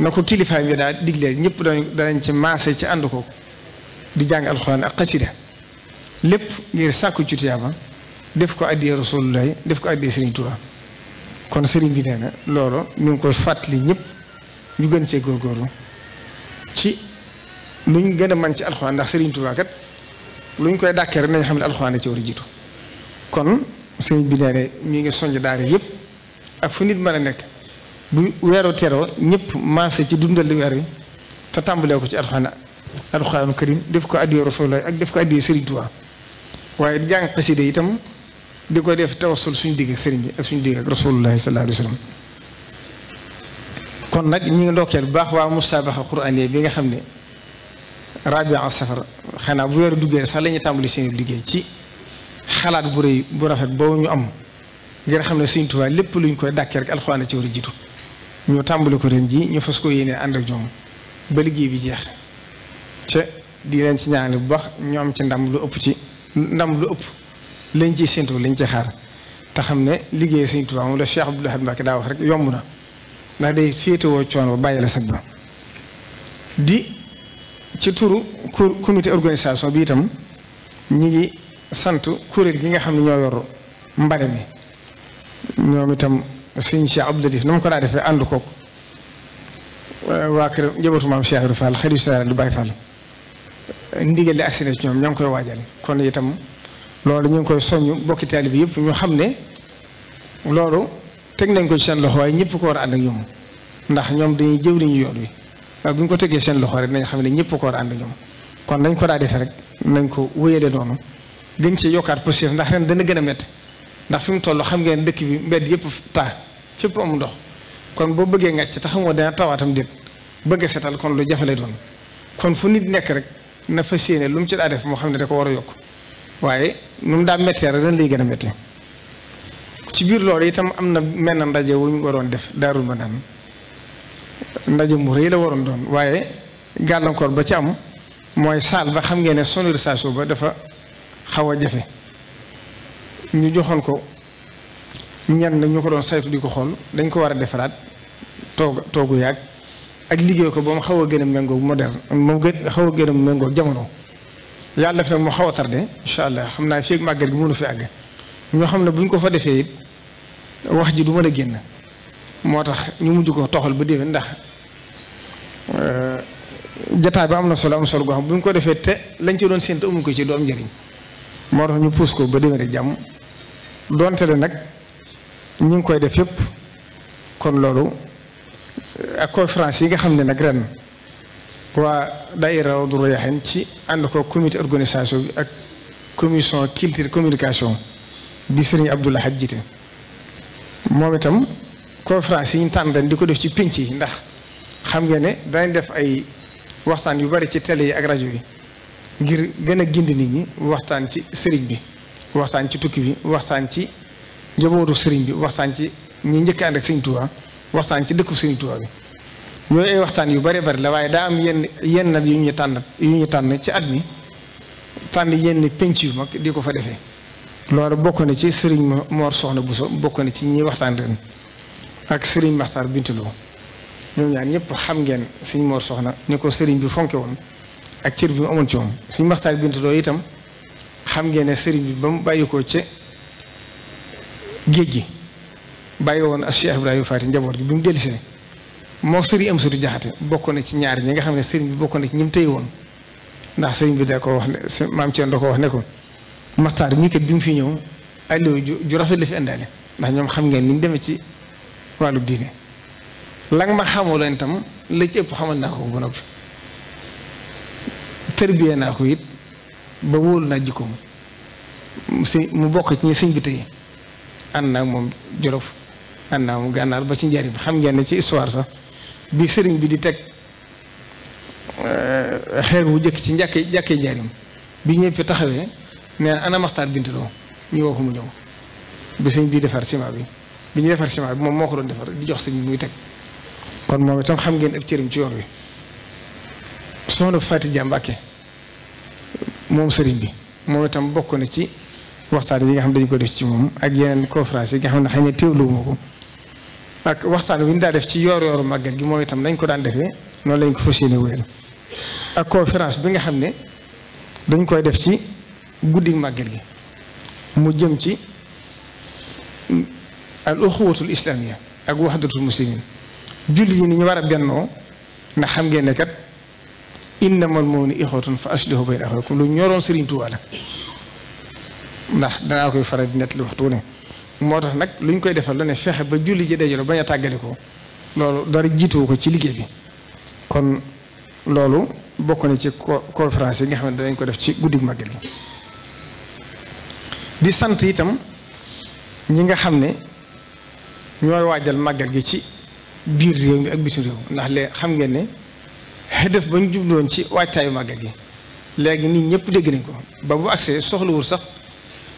na ko kilifaam yi daal diglee ñëpp danañ ci maase ci ànd ko di jàng alxuraan ak xasida lépp ngir sàkku ci tiyaaba def ko addiyee rasulullahi def ko addiyee Serigne Touba kon Serigne bi nee na loolu ñu ngi ko fàttali ñëpp ñu gën see góorgóorlu ci lu ñu gën a man ci alxuwaan ndax sëriñ Touba kat lu ñu koy dàkkee rek nañ xam ne alxuraan ci war a jiitu kon Serigne bi nee mi ngi sonj daara yëpp ak fu nit mën a nekk. bu weeru teroo ñëpp maase ci dundal li weer wi te tàmbalee ko ci alxuraan alxuraanu karim def ko addiya rasulullah ak def ko addiya Sëriñ Tuubaa waaye di jàng xasida itam di ko def tawassul suñu digg ak sëriñ bi ak suñu digg ak rasulullah sallallahu kon nag ñi ngi ndokkeel bu baax waa musaabaxa quraaniya bi nga xam ne rabia safar xanaa bu weeru duggee sax lañuy tàmbali seen liggéey ci xalaat bu rëy bu rafet boobu ñu am ngir xam ne Sëriñ Tuubaa lépp luñ koy dàkkee rek ci war a ñoo tàmbali ko ren ji ñu fas ko yéene ànd ak ñoom ba liggéey bi jeex ca di leen ci ñaanal bu baax ñoom ci ndam lu ëpp ci ndam lu ëpp lañ ciy séntu lañ ci xaar te xam ne liggéey Sëriñ Tuubaa moom la Cheikh Abdoul Ahad Mbacké daa wax rek yomb na ndax day féetewoo coono ba bàyyi la sag ba di ci turu comité organisation bi itam ñi ngi sant kuréel gi nga xam ne ñoo yor mbare mi ñoom itam sëñ Cheikh Abdou Latif na mu ko daa defee ànd koog waa kër njabootu maam Cheikh Ibra Fall xarit Sala du Baye Fall ndigal li agsi na ci ñoom ñoo ngi koy waajal kon itam loolu ñu ngi koy soññu bokki taalibe bi yëpp ñu xam ne loolu teg nañ ko ci seen loxo waaye ñëpp ko war a ànd ak ñoom ndax ñoom dañuy ñu yoon wi waaye bu ñu ko tegee seen loxo rek nañ xam ne ñëpp ko war a ànd ñoom kon nañ ko daa defee rek nañ ko wéyale noonu gën ci yokkaat positif ndax ren dana gën a métti fi mu toll xam fépp am ndox kon boo bëggee ngàcc te xamoo dana tawaatam déet bëgg a setal kon lu jafe lay doon kon fu nit nekk rek na fa séene lu mu ci daa def moo xam ne da ko war a yokk waaye nu mu daa méttee rek dañ lay gën a méttee ci biir loolu itam am na mel na ndaje wu ñu waroon def daarul ma naan ndaje mu rëy la waroon doon waaye gàllankoor ba ci am mooy saal ba xam ngeen ne sonorisation ba dafa xaw a jafe ñu joxoon ko ñenn ñu ko doon saytu di ko xool dañ ko war a defaraat toog toogu yàgg ak liggéey ko ba mu xaw a gën a méngoo moderne mu gën xaw a gën a méngoo jamono yàlla def nag mu xaw a tardé incha allah xam naa fii ak màggal gi mënu fi àgg ñoo xam ne bu ñu ko fa defee wax ji du mën a génn moo tax ñu mujj ko toxal ba déwén ndax euh, jataay ba am na solo am solo goo xam bu ko defee te lañ ci doon séntu amuñ ko ci du am moo tax ñu puus ko ba déwén rek jàmm donte nag. ñu ngi koy def yëpp kon loolu ak conférence yi nga xam ne nag ren waa daayira Rawdu Rayaahiin ci ànd ko comité organisation bi ak commission culture communication bi Serigne Abdou Lahad jiite moom itam confrance yi ñu tànn ren di ko def ci pinc yi ndax xam nga ne dañ def ay waxtaan yu bari ci tele yi ak rajo yi ngir gën gindi nit ñi waxtaan ci sëriñ bi waxtaan ci tukki bi waxtaan ci njabootu sëriñ bi waxtaan ci ñi njëkk ànd ak sëriñ Tuubaa waxtaan ci dëkku sëriñ Tuubaa bi yooyu ay waxtaan yu bare bari la waaye daa am yenn yenn yu ñu tànn yu ñu tànn ci at mi tànn yenn penc yu mag di ko fa defee loolu bokk na ci sëriñ moor Soxna bu bokk na ci ñi waxtaan ren ak sëriñ Maxtaar Bintuloo ñoom ñaar ñëpp xam ngeen suñ Mor Soxna ni ko sëriñ bi fonke woon ak cër bi mu amoon ci moom suñ Maxtaar Bintuloo itam xam ngeen ne sëriñ bi ba mu bàyyi ci géej gi bàyyi woon ak Cheikh Ibrahima Faty njaboot gi bi mu dellu si moo sëriñ am sutu jaxate bokkoon na ci ñaar ñi nga xam ne sëriñ bi bokk na ci ñu mu téye woon ndax sëriñ bi da ko wax ne maam Thierno da ko wax ne ko Maxtaar mii kat bi mu fi ñëw alléhu ju ju rafet la fi indaale ndax ñoom xam ngeen ni ñu demee ci wàllu diine la ma xamoo leen tam la ci ëpp xamal naa ko ba noppi tërbiyee naa ko yit ba wóolu naa jikkoom si mu bokk ci ñu sëñ bi téye ànd naa moom Jolof ànd naa moom gànnaar ba ci bi xam ngeen ne ci histoire sax bii sëriñ bi di teg euh, xeer bu jëkk ci njàkk jàkkee njariñ bi ñëpp taxawee nee na ana Maxtaar Bintu Lo ñu woo ko mu ñëw bi sëñ bii defar ciment bi bi ñu defar ciment bi moom moo ko doon defar di jox sëñ bi muy teg kon moom itam xam ngeen ak cërim ci yoon wi soxna Faati Jaa Mbàkke moom sëriñ bi moom itam bokk na ci waxtaan yi nga xam ne dañ ko def ci moom ak yeneen conférence yi nga xam ne xëy na teewluwuma ko ak waxtaan wi ñu daa def ci yor-yoru màggal gi moom itam nañ daan defee noonu lañ ko fas yéene wéyal ak bi nga xam ne dañ koy def ci guddi màgget gi mu jëm ci al uxuwatul yi ak waxdatul muslimin julli yi ni ñu war a bennoo ndax xam ngeen ne kat innamal mu'minuuna ixwatun fa aslihu bayna axawaykum lu ñoroon Sëriñ ndax danaa koy faral di nettali waxtu ne moo tax nag lu ñu koy defal lu ne fexe ba julli ji dajale bañ a ko loolu dara jiituwu ko ci liggéey bi kon loolu bokk na ci conférence yi nga xam ne danañ ko def ci guddi màggal di sant itam ñi nga xam ne ñooy waajal màggal gi ci biir réew mi ak bitim réew ndax lee xam ngeen ne xëdëf ba ñu jubloon ci waajtaayu màggal gi léegi nii ñëpp dégg nañ ko ba bu agsee soxlawul sax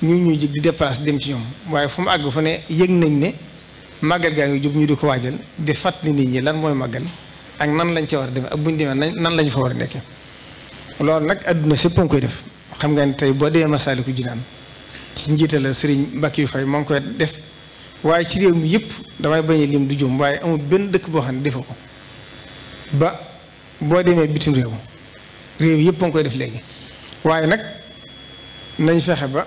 ñu ñuy jig di déplacer dem ci ñoom waaye fu mu àgg fu ne yëg nañ ne màggal gaa ngi jub ñu di ko waajal di fàttali nit ñi lan mooy màggal ak nan lañ ci war a demee ak buñ ñu demee nan lañ fa war a nekkee loolu nag adduna sépp a koy def xam nga ne tey boo demee Masaalikul Jinaan ci njiitalal Serigne Mbackiou Faye moo ngi koy def waaye ci réew yëpp damay bañ lim du jum waaye amul benn dëkk boo xam ne defe ko ba boo demee bitim réew réew yëpp a ngi koy def léegi waaye nag nañ fexe ba.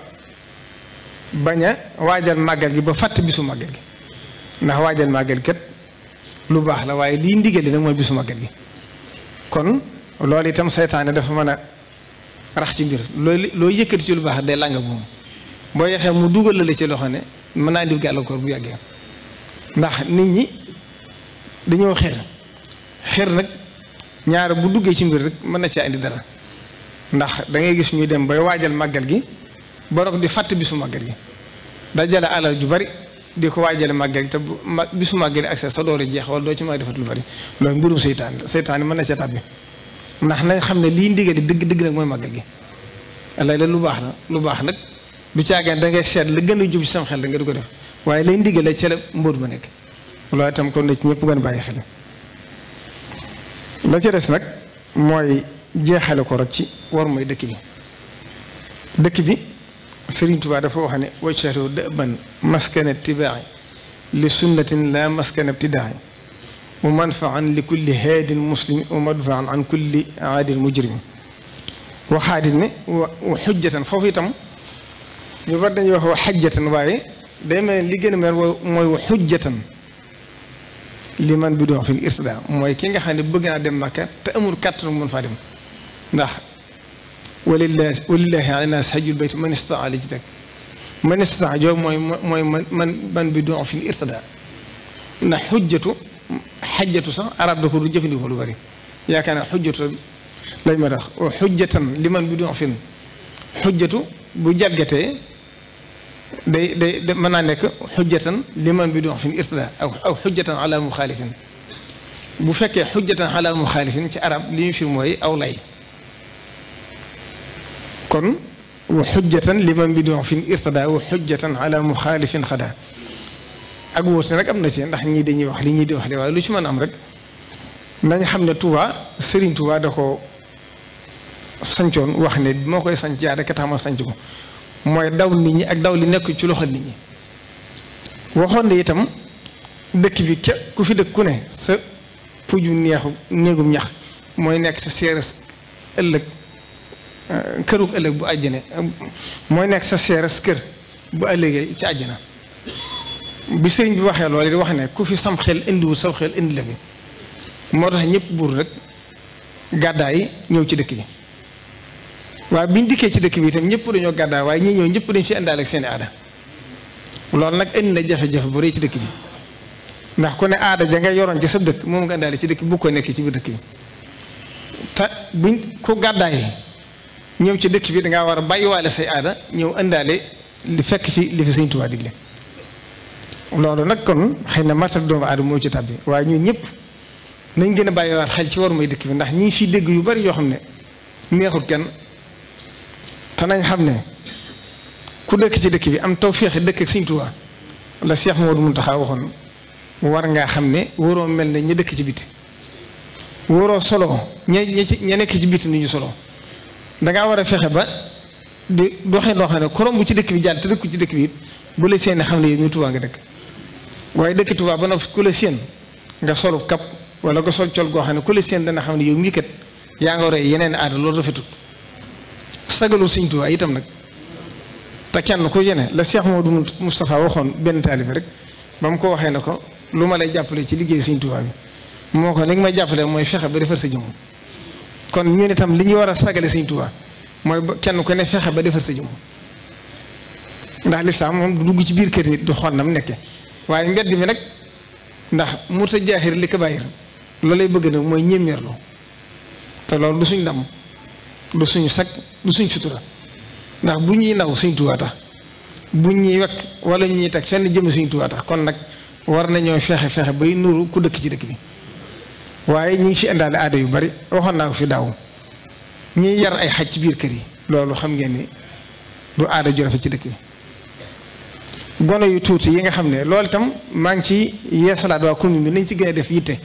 bañ a waajal màggal gi ba fàtte bisu màggal gi ndax waajal màggal kat lu baax la waaye liy ndigal li nag mooy bisu màggal gi kon loolu itam seytaane dafa mën a rax ci mbir loolu loo yëkkati ci lu baax day langa moom boo yaxee mu dugal la ci loxo ne mën naa indi gàllankoor bu yàggee ndax nit ñi dañoo xer xër nag ñaar bu duggee ci mbir rek mën na cee indi dara ndax dangay ngay gis ñuy dem bay waajal màggal gi borom di fàtt bisu màggal yi dajale alal ju bari di ko waajale màggal te bu ma bisu màggal yi ak sa doole jeex wala doo ci mën a lu bari loolu mbirum seytaan la seytaan yi mën na ca tàbbi ndax nañ xam ne lii ndigal dëgg dëgg nag mooy màggal gi lay la lu baax la lu baax nag du caagaan da ngay seet la gën a jub ci da nga di ko def waaye lay ndigal la ca la mbóot ma nekk loolu itam kon na ci ñëpp gën bàyyi xel la ca des nag mooy jeexale ko rek ci war mooy dëkk bi dëkk bi Sëriñ Tuubaa dafa wax ne waccaru dëban maskana ibtibaa'i li sunnatin la maskana ibtidaa'i wa manfaan li kulli haadin muslim wa madfaan an kulli aadin mujrim waxaatit ne wa xujjatan foofu itam ñu war dañuy wax wa xajjatan waaye day mel li gën mooy wa xujjatan li man bi doon fi irtidaa mooy ki nga xam ne bëgg naa dem Makka te amul kàttan mën faa dem ndax walillahi walillahi ala nas hajjul bayt man istaa li ci teg man istaa joobu mooy mooy man man man bi don fi irtada ndax xujjatu xajjatu sax arab da ko du jëfandikoo lu bari yaakaar naa xujjatu lañ ma tax xujjatan li man bi don fi bu jàggatee day day mën naa nekk xujjatan li man bi don fi irtada aw aw xujjatan ala muxaalifin bu fekkee xujjatan ala muxaalifin ci arab li ñu fi mooy aw lay kon wa xujjatan liman bi doon fi irtada wa xujjatan ala muxaalifin xada ak wóote rek am na ci ndax ñii dañuy wax li ñii di wax li waaye lu ci mën am rek nañ xam ne Touba Serigne Touba da ko sancoon wax ne moo koy sanc yaa rek tax ma sanc ko mooy daw nit ñi ak daw li nekk ci loxo nit ñi waxoon ne itam dëkk bi ke ku fi dëkk ku ne sa puju neexu néegum ñax mooy nekk sa seeres ëllëg kërug ëllëg bu àjjane mooy nekk sa seeres kër bu ëllëgee ci àjjana bi sëriñ bi waxee loolu di wax ne ku fi sam xel indiwu sam xel indi la moo tax ñëpp buur rek gàddaay ñëw ci dëkk bi waaye bi ñu dikkee ci dëkk bi itam ñëpp dañoo gàddaay waaye ñi ñëw ñëpp dañ fi indaale ak seeni aada loolu nag indi na jafe-jafe bu rëy ci dëkk bi ndax ku ne aada ja nga yoroon ci sa dëkk moom nga indaale ci dëkk bu ko nekkee ci biir dëkk bi te gàddaay ñëw ci dëkk bi dangaa war a bàyyiwaale say aada ñëw indaale li fekk fi li fi Sëriñ Tuubaa digle loolu nag kon xëy na martal doomu aadama moo ci bi waaye ñun ñëpp nañ gën a bàyyiwaat xel ci war may dëkk bi ndax ñi fi dégg yu bari yoo xam ne neexut kenn te nañ xam ne ku dëkk ci dëkk bi am tawféex dëkk ak Sëriñ Tuubaa la Cheikh Modou Mountakha waxoon war ngaa xam ne waroo mel ne ña dëkk ci biti waroo soloo ña ña ci ña nekk ci biti ni ñu solo. dangaa war a fexe ba di doxee noo xam ne korom bu ci dëkk bi jàll te ko ci dëkk bi it bu la séen xam ne yow mii Tuubaa nga dëkk waaye dëkk Tuubaa ba noppi ku la séen nga solu kap wala nga sol col goo xam ne ku la séen dana xam ne yow mii kat yaa nga roy yeneen aada loolu rafetul sagalu Sëñ itam nag te kenn ku yene la Cheikh Modou Moustapha waxoon benn taalibe rek ba mu ko waxee ne ko lu ma lay jàppale ci liggéey Sëñ Tuubaa bi moo ko ni nga may jàppale mooy fexe ba defar sa jëmm kon ñun itam li ñu war a sagale sëñ tuwaa mooy kenn ko ne fexe ba defar sa jum ndax lislaam moom du dugg ci biir kër nit du xool nam nekke waaye mbedd mi nag ndax mu murta jaaxir li kabaayir lay bëgg na mooy ñéeméerlu te loolu du suñ ndam du suñu sag du suñ sutura ndax bu ñuy naw sëñ Tuubaa tax bu ñuy wekk wala ñuy teg fenn jëm sëñ Tuubaa tax kon nag war ñoo fexe fexe bay nuru ku dëkk ci dëkk bi waaye ñu ngi fi indaale aada yu bari waxoon naa ko fi daaw ñiy yar ay xaj ci biir kër yi loolu xam ngeen ni du aada ju ci dëkk bi gone yu tuuti yi nga xam ne loolu tam maa ngi ci yeesalaat waa commune bi nañ ci gën def yitte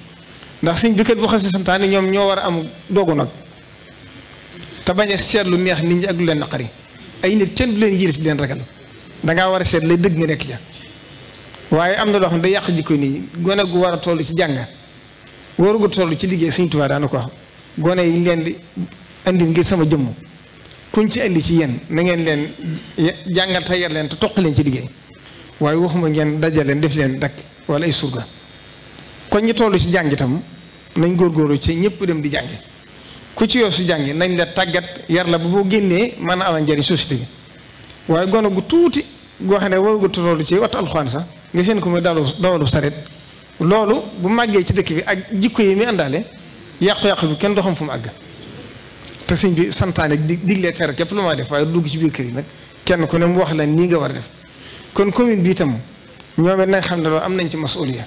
ndax sëñ bi kat bu xasee santaane ñoom ñoo war a am doogu nag te bañ seet lu neex nit ñi ak lu leen naqari ay nit kenn du leen yilif di leen ragal dangaa war a seet lay dëgg nga nekk ca waaye am na loo xam ne day yàq jikko nit gone gu war a toll ci jàng warugo toll ci liggéey Sëñ Tuubaa daana ko gone yi leen di indi ngir sama jëmm kuñ ci indi ci yéen na ngeen leen jàngal te yar leen te toq leen ci liggéey waaye waxuma ngeen dajal leen def leen dakk wala ay surga kon ñi toll ci jàng itam nañ góorgóorlu ci ñëpp dem di jàngi ku ci yoo su jàngi nañ la tàggat yar la bu boo génnee mën a amal njariñ société bi waaye gone gu tuuti goo xam ne warugo toll ci wat alxuraan sax nga seen ko muy dawalu dawalu loolu bu màggee ci dëkk bi ak jikko yi muy àndaale yàqu-yàqu bi kenn doxam fu mu àgg te sëñ bi santaane dig digle tere képp lu ma def waaye dugg ci biir kër yi nag kenn ku ne mu wax la nii nga war a def kon commune bi itam ñoom it nañ xam ne loolu am nañ ci masuliya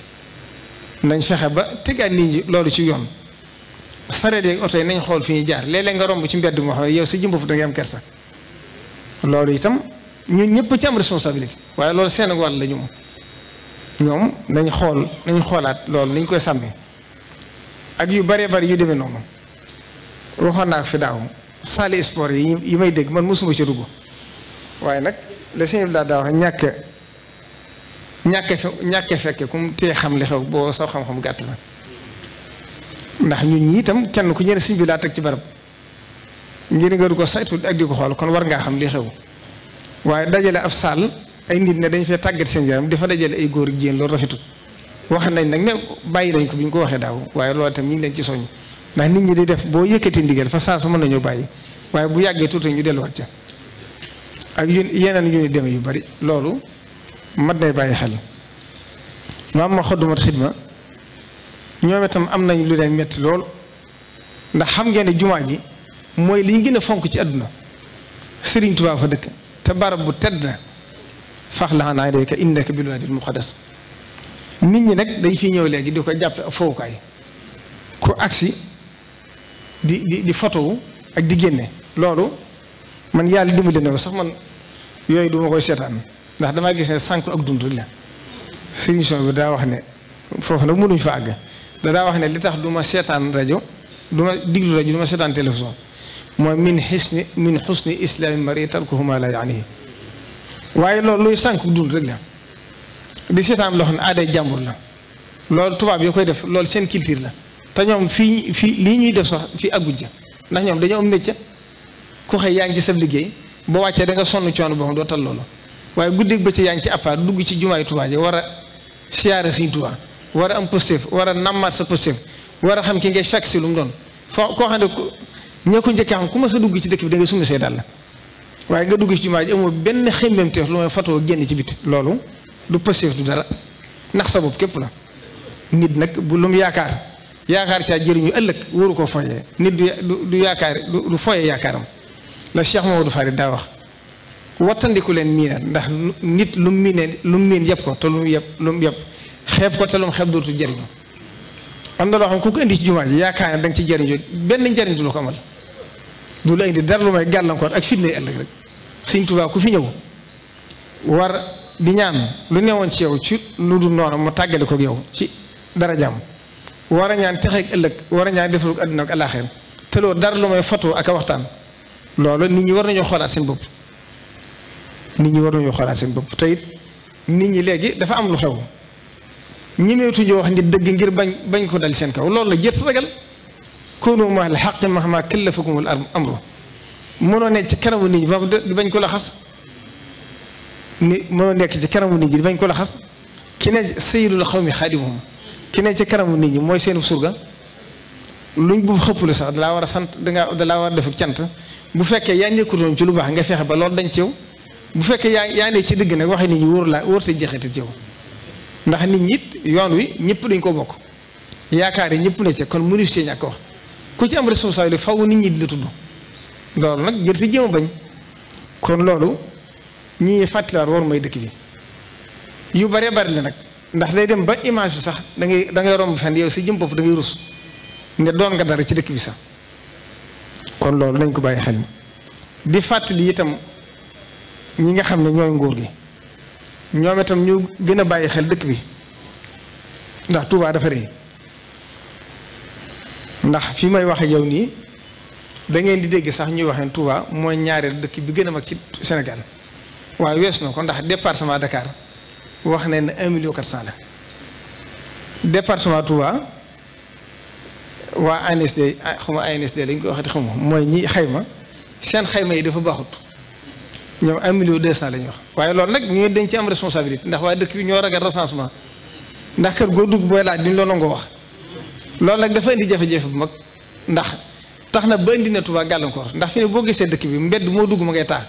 nañ fexe ba tegaat nit ñi loolu ci yoon sareet yeeg nañ xool fi ñuy jaar léeg nga romb ci mbedd moo xam ne yow si jëm bopp da ngay am kersa loolu itam ñun ñëpp ci am responsabilité waaye loolu seen wàll la ñu ñoom nañ xool nañ xoolaat loolu niñ koy sàmmee ak yu baree bari yu demee noonu waxoon naa fi daaw salle sport yi yi may dégg man mosuma ci dugg waaye nag la sëñ bi daa wax ñàkk ñàkk fe ñàkk fekke kum tee xam li xew boo saw xam-xam gàtt la ndax ñu ñiitam kenn ku ñëne sëñ bi laa teg ci barab ngir nga du ko saytu ak di ko xool kon war ngaa xam li xew waaye dajale ab salle ay nit ne dañ fee tàggat seen yaram dafa fa dajale ay góor ak jigéen loolu rafetut wax nañ nag ne bàyyi nañ ko bi ñu ko waxee daaw waaye loolu tam ñu ngi leen ci soññ ndax nit ñi di def boo yëkkati ndigal fa saa sa mën nañoo bàyyi waaye bu yàggee tuuti ñu delluwaat ca ak yu yeneen yu deme yu bari loolu mat nay bàyyi xel maam ma xoddumat xidma ñoom itam am nañ lu leen metti lool ndax xam ngeen ne jumaa ji mooy liñ gën a fonk ci àdduna Sëriñ Tuubaa fa dëkk te barab bu tedd na fax faxla an aydayka innaka bil waadil muqaddas nit ñi nag dañ fi ñëw léegi di ko jàppe fowukaay ku agsi di di di fotowu ak di génne loolu man yàlla dimbali na ko sax man yooyu duma koy seetaan ndax damaa gis ne sànq ak dund la solution bi daa wax ne foofu nag mënuñ fa àgg daa wax ne li tax du ma seetaan rajo du ma diglu rajo du ma seetaan télévision mooy min xusni min xusni islaami mari tarkuhu ma la yaanihi waaye loolu luy sànq dund rek la di seetaan loo xam ne aaday jàmbur la loolu tubaab yoo koy def loolu seen culture la te ñoom fii fii lii ñuy def sax fii àgguñ ca ndax ñoom dañoo am métier ku xëy yaa ngi ci sa liggéey boo wàccee da nga sonn coono boo xam doo tal loolu waaye guddeeg bëccëg yaa ngi ci appaar dugg ci jumaay Tuubaa ji war a siyaare suñu Tuubaa war a am positif war a nammaat sa positif war a xam ki ngay fekk si lu mu doon foo koo xam ne ñoo ko njëkkee xam ku ma sa dugg ci dëkk bi da nga summi say waaye nga dugg ci jumaa ji amoo benn xemmemteef lu may fatoo génn ci biti loolu du pëseef du dara ndax sa bopp képp la nit nag bu lu yaakaar yaakaar ca jëriñu ëllëg waru ko foyee nit du du yaakaar du foyee yaakaaram la Cheikh Mamadou Farid daa wax leen miinal ndax nit lu mu miinee lu mu yëpp ko te lu yëpp lu yëpp xeeb ko te lu mu dootu jëriñu am na loo xam ku indi ci jumaa yaakaar ne da nga ci jëriñu benn njariñ du la ko amal du la indi dara lu may gàllankoor ak fitna ëllëg rek sëñ Tuubaa ku fi ñëw war di ñaan lu newoon ci yow ci lu dul noonu mu tàggale ko yow ci dara jàmm war a ñaan texeeg ëllëg war a ñaan defal ko ak àllaaxeer te loolu dara lu may foto ak a waxtaan loolu nit ñi war nañoo xoolaat seen bopp nit ñi war nañoo xoolaat seen bopp te nit ñi léegi dafa am lu xew ñemeetuñu wax nit dëgg ngir bañ bañ ko dal seen kaw loolu la jër ragal koonu ma al xaqi mahma kallafakumul amul mënoo nekk ci kanamu nit ñi ba di bañ ko la xas ni mënoo nekk ci kanamu nit ñi di bañ ko la xas ki ne sayyidul xawmi xaadimuhum ki ne ci kanamu nit ñi mooy seen surga luñ bu xëppule sax dalaa war a sant dangaa dalaa war def cant bu fekkee yaa nekkutoon ci lu baax nga fexe ba loolu dañ ci yow bu fekkee yaa yaa ne ci dëgg nag waxe nit ñi wóor laa wóor te jeexite ci yow ndax nit ñi it yoon wi ñëpp dañ ko bokk yaakaar yi ñëpp ne ci kon mënu ci ñàkk wax ku ci am responsabilité faw nit ñi di la tudd loolu nag jël si jéem bañ kon loolu ñii fàttaliwaat war mooy dëkk bi yu bare bari la nag ndax day dem ba image bi sax dangay ngay da ngay romb fenn yow si jëm bopp da ngay rus nga doon nga dara ci dëkk bi sax kon loolu dañ ko bàyyi xel di fàttali itam ñi nga xam ne ñooy nguur gi ñoom itam ñu gën a bàyyi xel dëkk bi ndax Touba dafa rëy ndax fi may waxee ak yow nii. da ngeen di dégg sax ñuy wax ne Touba mooy ñaareel dëkk bi gën a mag ci Sénégal waaye weesu na ko ndax département Dakar wax nañ ne un millio quatre cent la département Touba waa ANSD xaw ma ANSD lañ koy waxati xaw ma mooy ñi xayma seen xayma yi dafa baaxut ñoom un million deux cent la ñu wax waaye loolu nag ñu dañ ci am responsabilité ndax waa dëkk bi ñoo ragal recensement ndax kër goo dugg booy laaj duñ la nangoo wax loolu nag dafa indi jafe-jafe bu mag ndax. tax na ba indi na Touba gàllankoor ndax fi ne boo gisee dëkk bi mbedd moo dugg ma ngay taa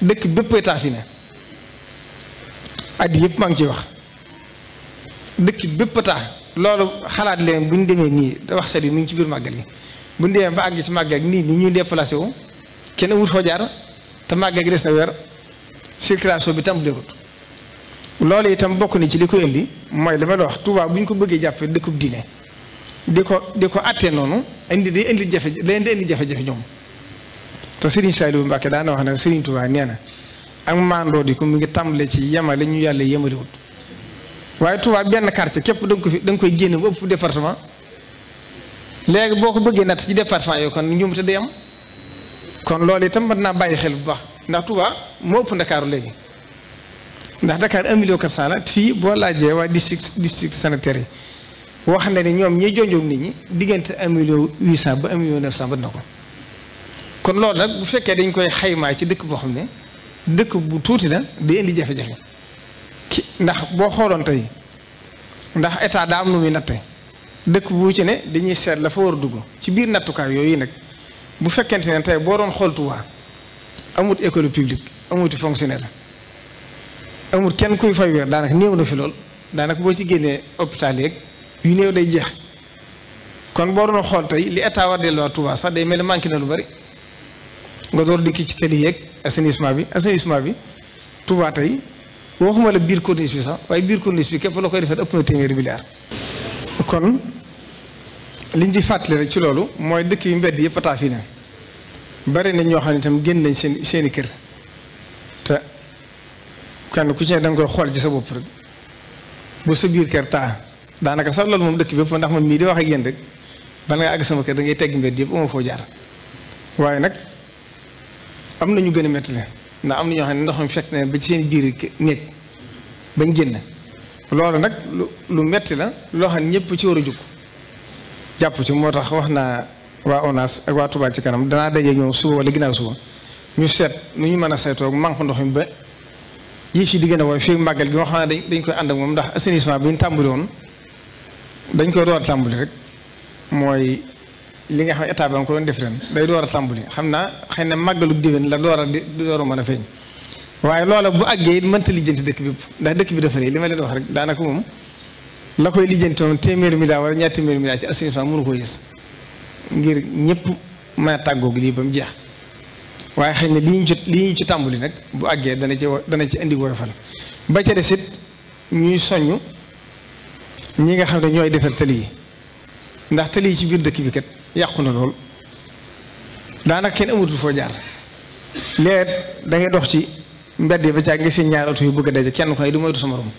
dëkk béppay taa fi ne at yëpp maa ngi ciy wax dëkk bépp taa loolu xalaat leen bu ñu demee nii wax sedd yi mu ngi ci biir màgget gi bu ñu demee ba àgg ci màggal gi nii nii ñuy déplacé wu kenn wut foo jaar te màggal gi des na weer circulation bi tàmbaleegut loolu itam bokk na ci li ko indi mooy li ma wax Touba bu ñu ko bëggee jàppee dëkkub diine. di ko di ko atte noonu indi di indi jafe leen di indi jafe-jafe ñoom te Serigne Saliou Mbacke daana wax ne Serigne Touba nee na ak maandoo di ko mu ngi tàmbale ci yemale ñu yàlla yemalewut waaye Touba benn quartier képp da nga fi da koy génne bu ëpp département léegi boo ko bëggee natt ci département yooyu kon njuumte day am kon loolu itam mën naa bàyyi xel bu baax ndax Touba moo ëpp Ndakaaru léegi ndax Dakar un million quatre cent la fii boo laajee waa district district sanitaire wax na ne ñoom ñi jonjoog nit ñi diggante un million huit cent ba un million neuf cent ba na ko kon loolu nag bu fekkee dañ koy xaymaa ci dëkk boo xam ne dëkk bu tuuti la day indi jafe-jafe ki ndax boo xooloon tey ndax état daa am nu muy natte dëkk bu ci ne dañuy seet la fa war a dugg ci biir nattukaay yooyu nag bu fekkente ne tey boo doon xool Tuubaa amut école publique amuti fonctionnaire amut kenn kuy fay weer daanaka néew na fi lool daanaka boo ci génnee hôpital yeeg. yu néew day jeex kon boo doon xool tey li état war delloo tubaa sax day mel ni manqué na lu bari nga door dikki ci tali yeeg assainissement bi assainissement bi Touba tey waxuma la biir corniche bi sax waaye biir corniche bi képp la koy defee ëpp na téeméeri milliard kon liñ ci fàttali rek ci loolu mooy dëkk yu mbedd yëpp ataa fii ne bari nañ ñoo xam ne itam génn nañ seen seeni kër te kenn ku ci ne danga koy xool ci sa bopp rek bu sa biir kër taa daanaka sax loolu moom dëkk bépp ndax man mii di wax ak yéen rek bala ngaa àgg sama kër da ngay tegg mbedd yëpp amoo foo jaar waaye nag am na ñu gën a la ndax am na ñoo xam ne ndox mi fekk na ba ci seen biir néeg bañ génn loolu nag lu metti la loo xam ne ñëpp ci war a jóg jàpp ci moo tax wax naa waa ONAS ak waa Touba ci kanam danaa daje ñoom suba wala ginnaaw suba ñu seet nu ñu mën a saytoo manque ndox mi ba yii yi di gën a fii màggal gi nga xam ne dañ dañ koy ànd ak moom ndax assainissement bi ñu tàmbali woon dañ koy door a tàmbali rek mooy li nga xam état ba nga ko doon def ren day door a tàmbali xam naa xëy na màggalu déwén la door a di door a a feeñ waaye loola bu àggee it mënta lijjanti dëkk bi ndax dëkk bi dafa li ma leen wax rek daanaka moom la koy lijjanti moom téeméeri milliard wala ñaar téeméeri milliard ci assainissement mënu ko yées ngir ñëpp mën a lii ba mu jeex waaye xëy na lii ñu ci lii ci tàmbali nag bu àggee dana ci dana ci indi woyofal ba ca des ñuy soññ ñi nga xam ne ñooy defar tali yi ndax tali yi ci biir dëkk bi kat yàqu na lool daanaka kenn amatul foo jaar léeg da dox ci mbedd ba caa gis ñaar oto yu bëgg a daje kenn koy du moytu sa morom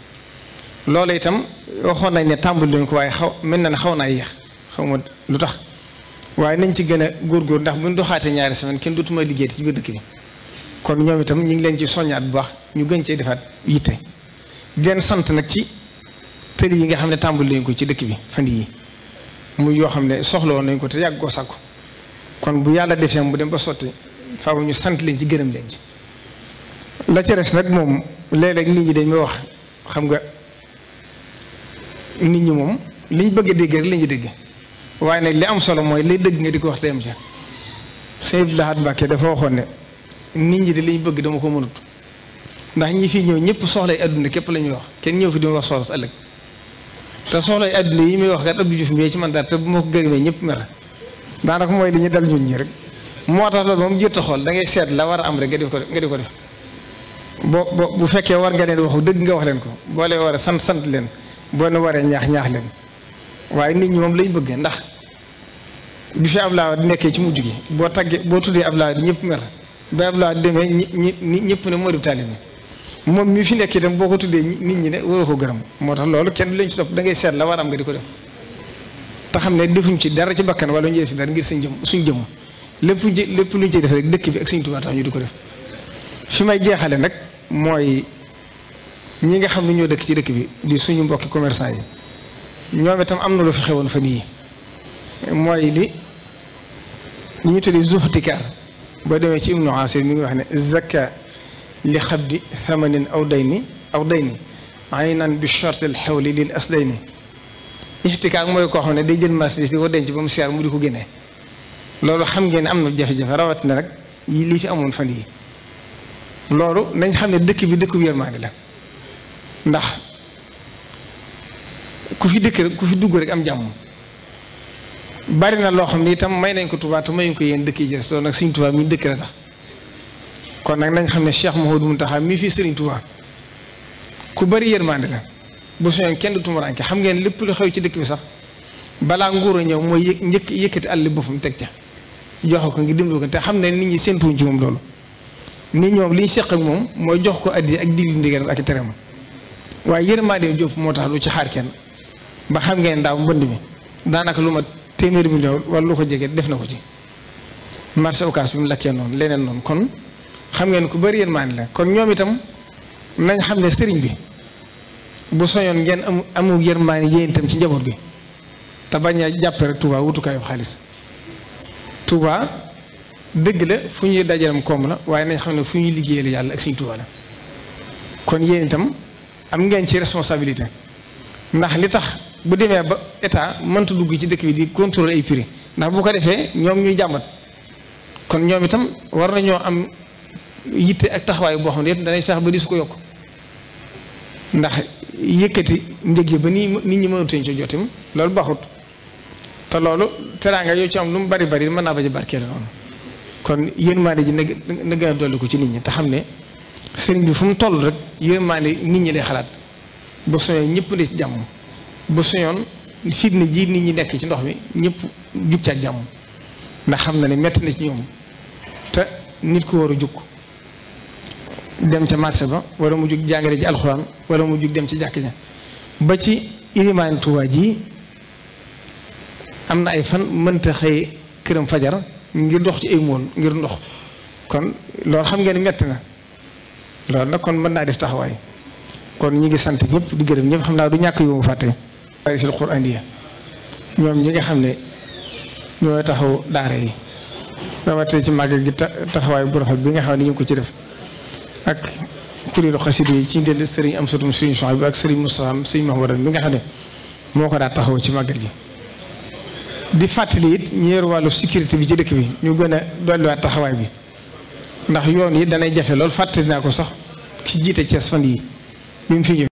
loolu itam waxoon nañ ne tàmbali nañ ko waaye xaw mel na ne xaw naa yéex xaw ma lu tax waaye nañ ci gën a góor góor ndax bu ñu doxaatee ñaari semaine kenn dootuma liggéey ci biir dëkk bi kon ñoom itam ñu ngi leen ci soññaat bu baax ñu gën cee defaat yitte di sant nag ci. tëri yi nga xam ne tàmbali nañ ko ci dëkk bi fan yi muy yoo xam ne soxla woon nañ ko te yàgg koo sàkku kon bu yàlla defee mu dem ba sotti faaw ñu sant leen ci gërëm leen ci la ca res nag moom léeg nit ñi dañ may wax xam nga nit ñi moom liñ bëgg a dégg la ñu dégg nag li am solo mooy lay dëgg nga di ko wax te am ca sëñ Abdou Lahad Mbacke dafa waxoon ne nit ñi de liñ bëgg dama ko mënut ndax ñi fi ñëw ñëpp soxlay adduna képp la ñuy wax kenn ñëw fi di wax soxla ëllëg te soxla yi àdduna yi muy wax kat Abdou Diouf mii ci man daal te bu ma ko gërëmee ñëpp mer daanaka mooy li ñu dal ñun ñi rek moo tax loolu moom jëtt xool da ngay seet la war a am rek nga di ko nga di ko def boo bu fekkee war nga leen waxu dëgg nga wax leen ko boo leen waree sant sant leen boo leen waree ñaax ñaax leen waaye nit ñi moom lañ bëggee ndax bi fi Abdoulaye di nekkee ci mujj gi boo tàggee boo tuddee Abdoulaye di ñëpp mer ba Abdoulaye di demee ñi ñi ñëpp ne moo di taalibe moom mi fi nekk itam boo ko tuddee nit ñi ne waroo ko gërëm moo tax loolu kenn lañ ci topp da ngay seet la war am nga di ko def te xam ne defuñ ci dara ci bakkan wala ñu def ci dara ngir jëm suñ jëm lépp luñ ci lépp luñ ciy def dëkk bi ak suñ Tuubaa tax di ko def fi may jeexale nag mooy ñi nga xam ne ñoo dëkk ci dëkk bi di suñu mbokki commerçant yi ñoom tam am na lu fi xewoon fa nii mooy li ñu tuddee zuxtikaar boo demee ci Ibnu Asir mi ngi wax ne zakka li xabdi thamanin aw dayni aw dayni aynan bi shart al xawli lil asdayni ixtikaak mooy koo xam ne day jël marchandise di ko denc ba mu seer ko génne loolu xam ngeen ne am na jafe rawatina nag yi lii fi amoon fan yi loolu nañ xam ne dëkk bi dëkk bu yërmaande la ndax ku dëkk rek ku fi dugg rek am jàmm bari na loo xam ne itam may nañ ko Tuubaa te mayuñ ko yéen dëkk yi ci des loolu nag Sëñ Tuubaa mi dëkk la tax kon nag nañ xam ne Cheikh Mouhamadou Mountakha mii fii Serigne Touba ku bari yërmande la bu soñoon kenn du tumuraanke xam ngeen lépp lu xew ci dëkk bi sax balaa nguur a ñëw mooy yë njëkk yëkkati àll boppam teg ca jox ko ngir dimbali ko te xam ne nit ñi séntuwuñ ci moom loolu. nit li ñu ak moom mooy jox ko addi ak diglu ndigal ak tere ma waaye yërmande jóp moo tax lu ci xaar kenn ba xam ngeen ndaw mbënd mi daanaka lu ma téeméeri million wala lu ko jege def na ko ci marché occas bi mu lakkee noonu leneen noonu kon. xam ngeen ku bëri yërmande la kon ñoom itam nañ xam ne sëriñ bi bu soñoon ngeen am amu yërmande yéen itam ci njaboot bi te bañ a jàppe rek Touba wutukaayu xaalis Touba dëgg la fu ñuy dajalam koom la waaye nañ xam ne fu ñuy liggéey la yàlla ak suñu Touba la kon yéen itam am ngeen ci responsabilité ndax li tax bu demee ba état mënta dugg ci dëkk bi di contrôler ay ndax bu ko defee ñoom ñuy jàmbat kon ñoom itam war nañoo am yitte ak taxawaayu boo xam ne yëpp danay feex ba di su ko yokk ndax yëkkati njëg yi ba nii nit ñi mënatuñ ci jotim loolu baaxut te loolu teraanga yoo ci am lu mu bari bari mën naa ba ci barkeelu noonu kon yërmaande ji na gën ko ci nit ñi te xam ne sëriñ bi fu mu toll rek yërmaande nit ñi lay xalaat ba soñoon ñëpp ne ci jàmm ba soñoon fitna ji nit ñi nekk ci ndox mi ñëpp jub ca jàmm ndax xam na ne metti na ci ñoom te nit ko war a jukk dem ca marché ba wala mu jug jàngale ji alxuraan wala mu jug dem ci jàkk ja ba ci ilimaan Tuubaa ji am na ay fan mënta xëy këram fajar ngir dox ci ay mool ngir ndox kon loolu xam ngeen metti na loolu nag kon mën naa def taxawaay kon ñi ngi sant ñëpp di gërëm ñëpp xam naa du ñàkk yu fàtte arisul quraaniya ñoom ñi nga xam ne ñooy taxaw daara yi rawatee ci màgg gi taxawaay bu rafet bi nga xam ne ñu ngi ko ci def ak kuréelu xasida yi ci ndel sëriñ am sotum sëriñ bi ak sëriñ Moussa am sëriñ Mahmoud mi nga xam ne moo ko daa taxaw ci màggal gi di fàttali it ñeer wàllu sécurité bi ci dëkk bi ñu gën a dolliwaat taxawaay bi ndax yoon yi danay jafe loolu fàttali naa ko sax ci jiite Cees fan yi bi mu fi ñëw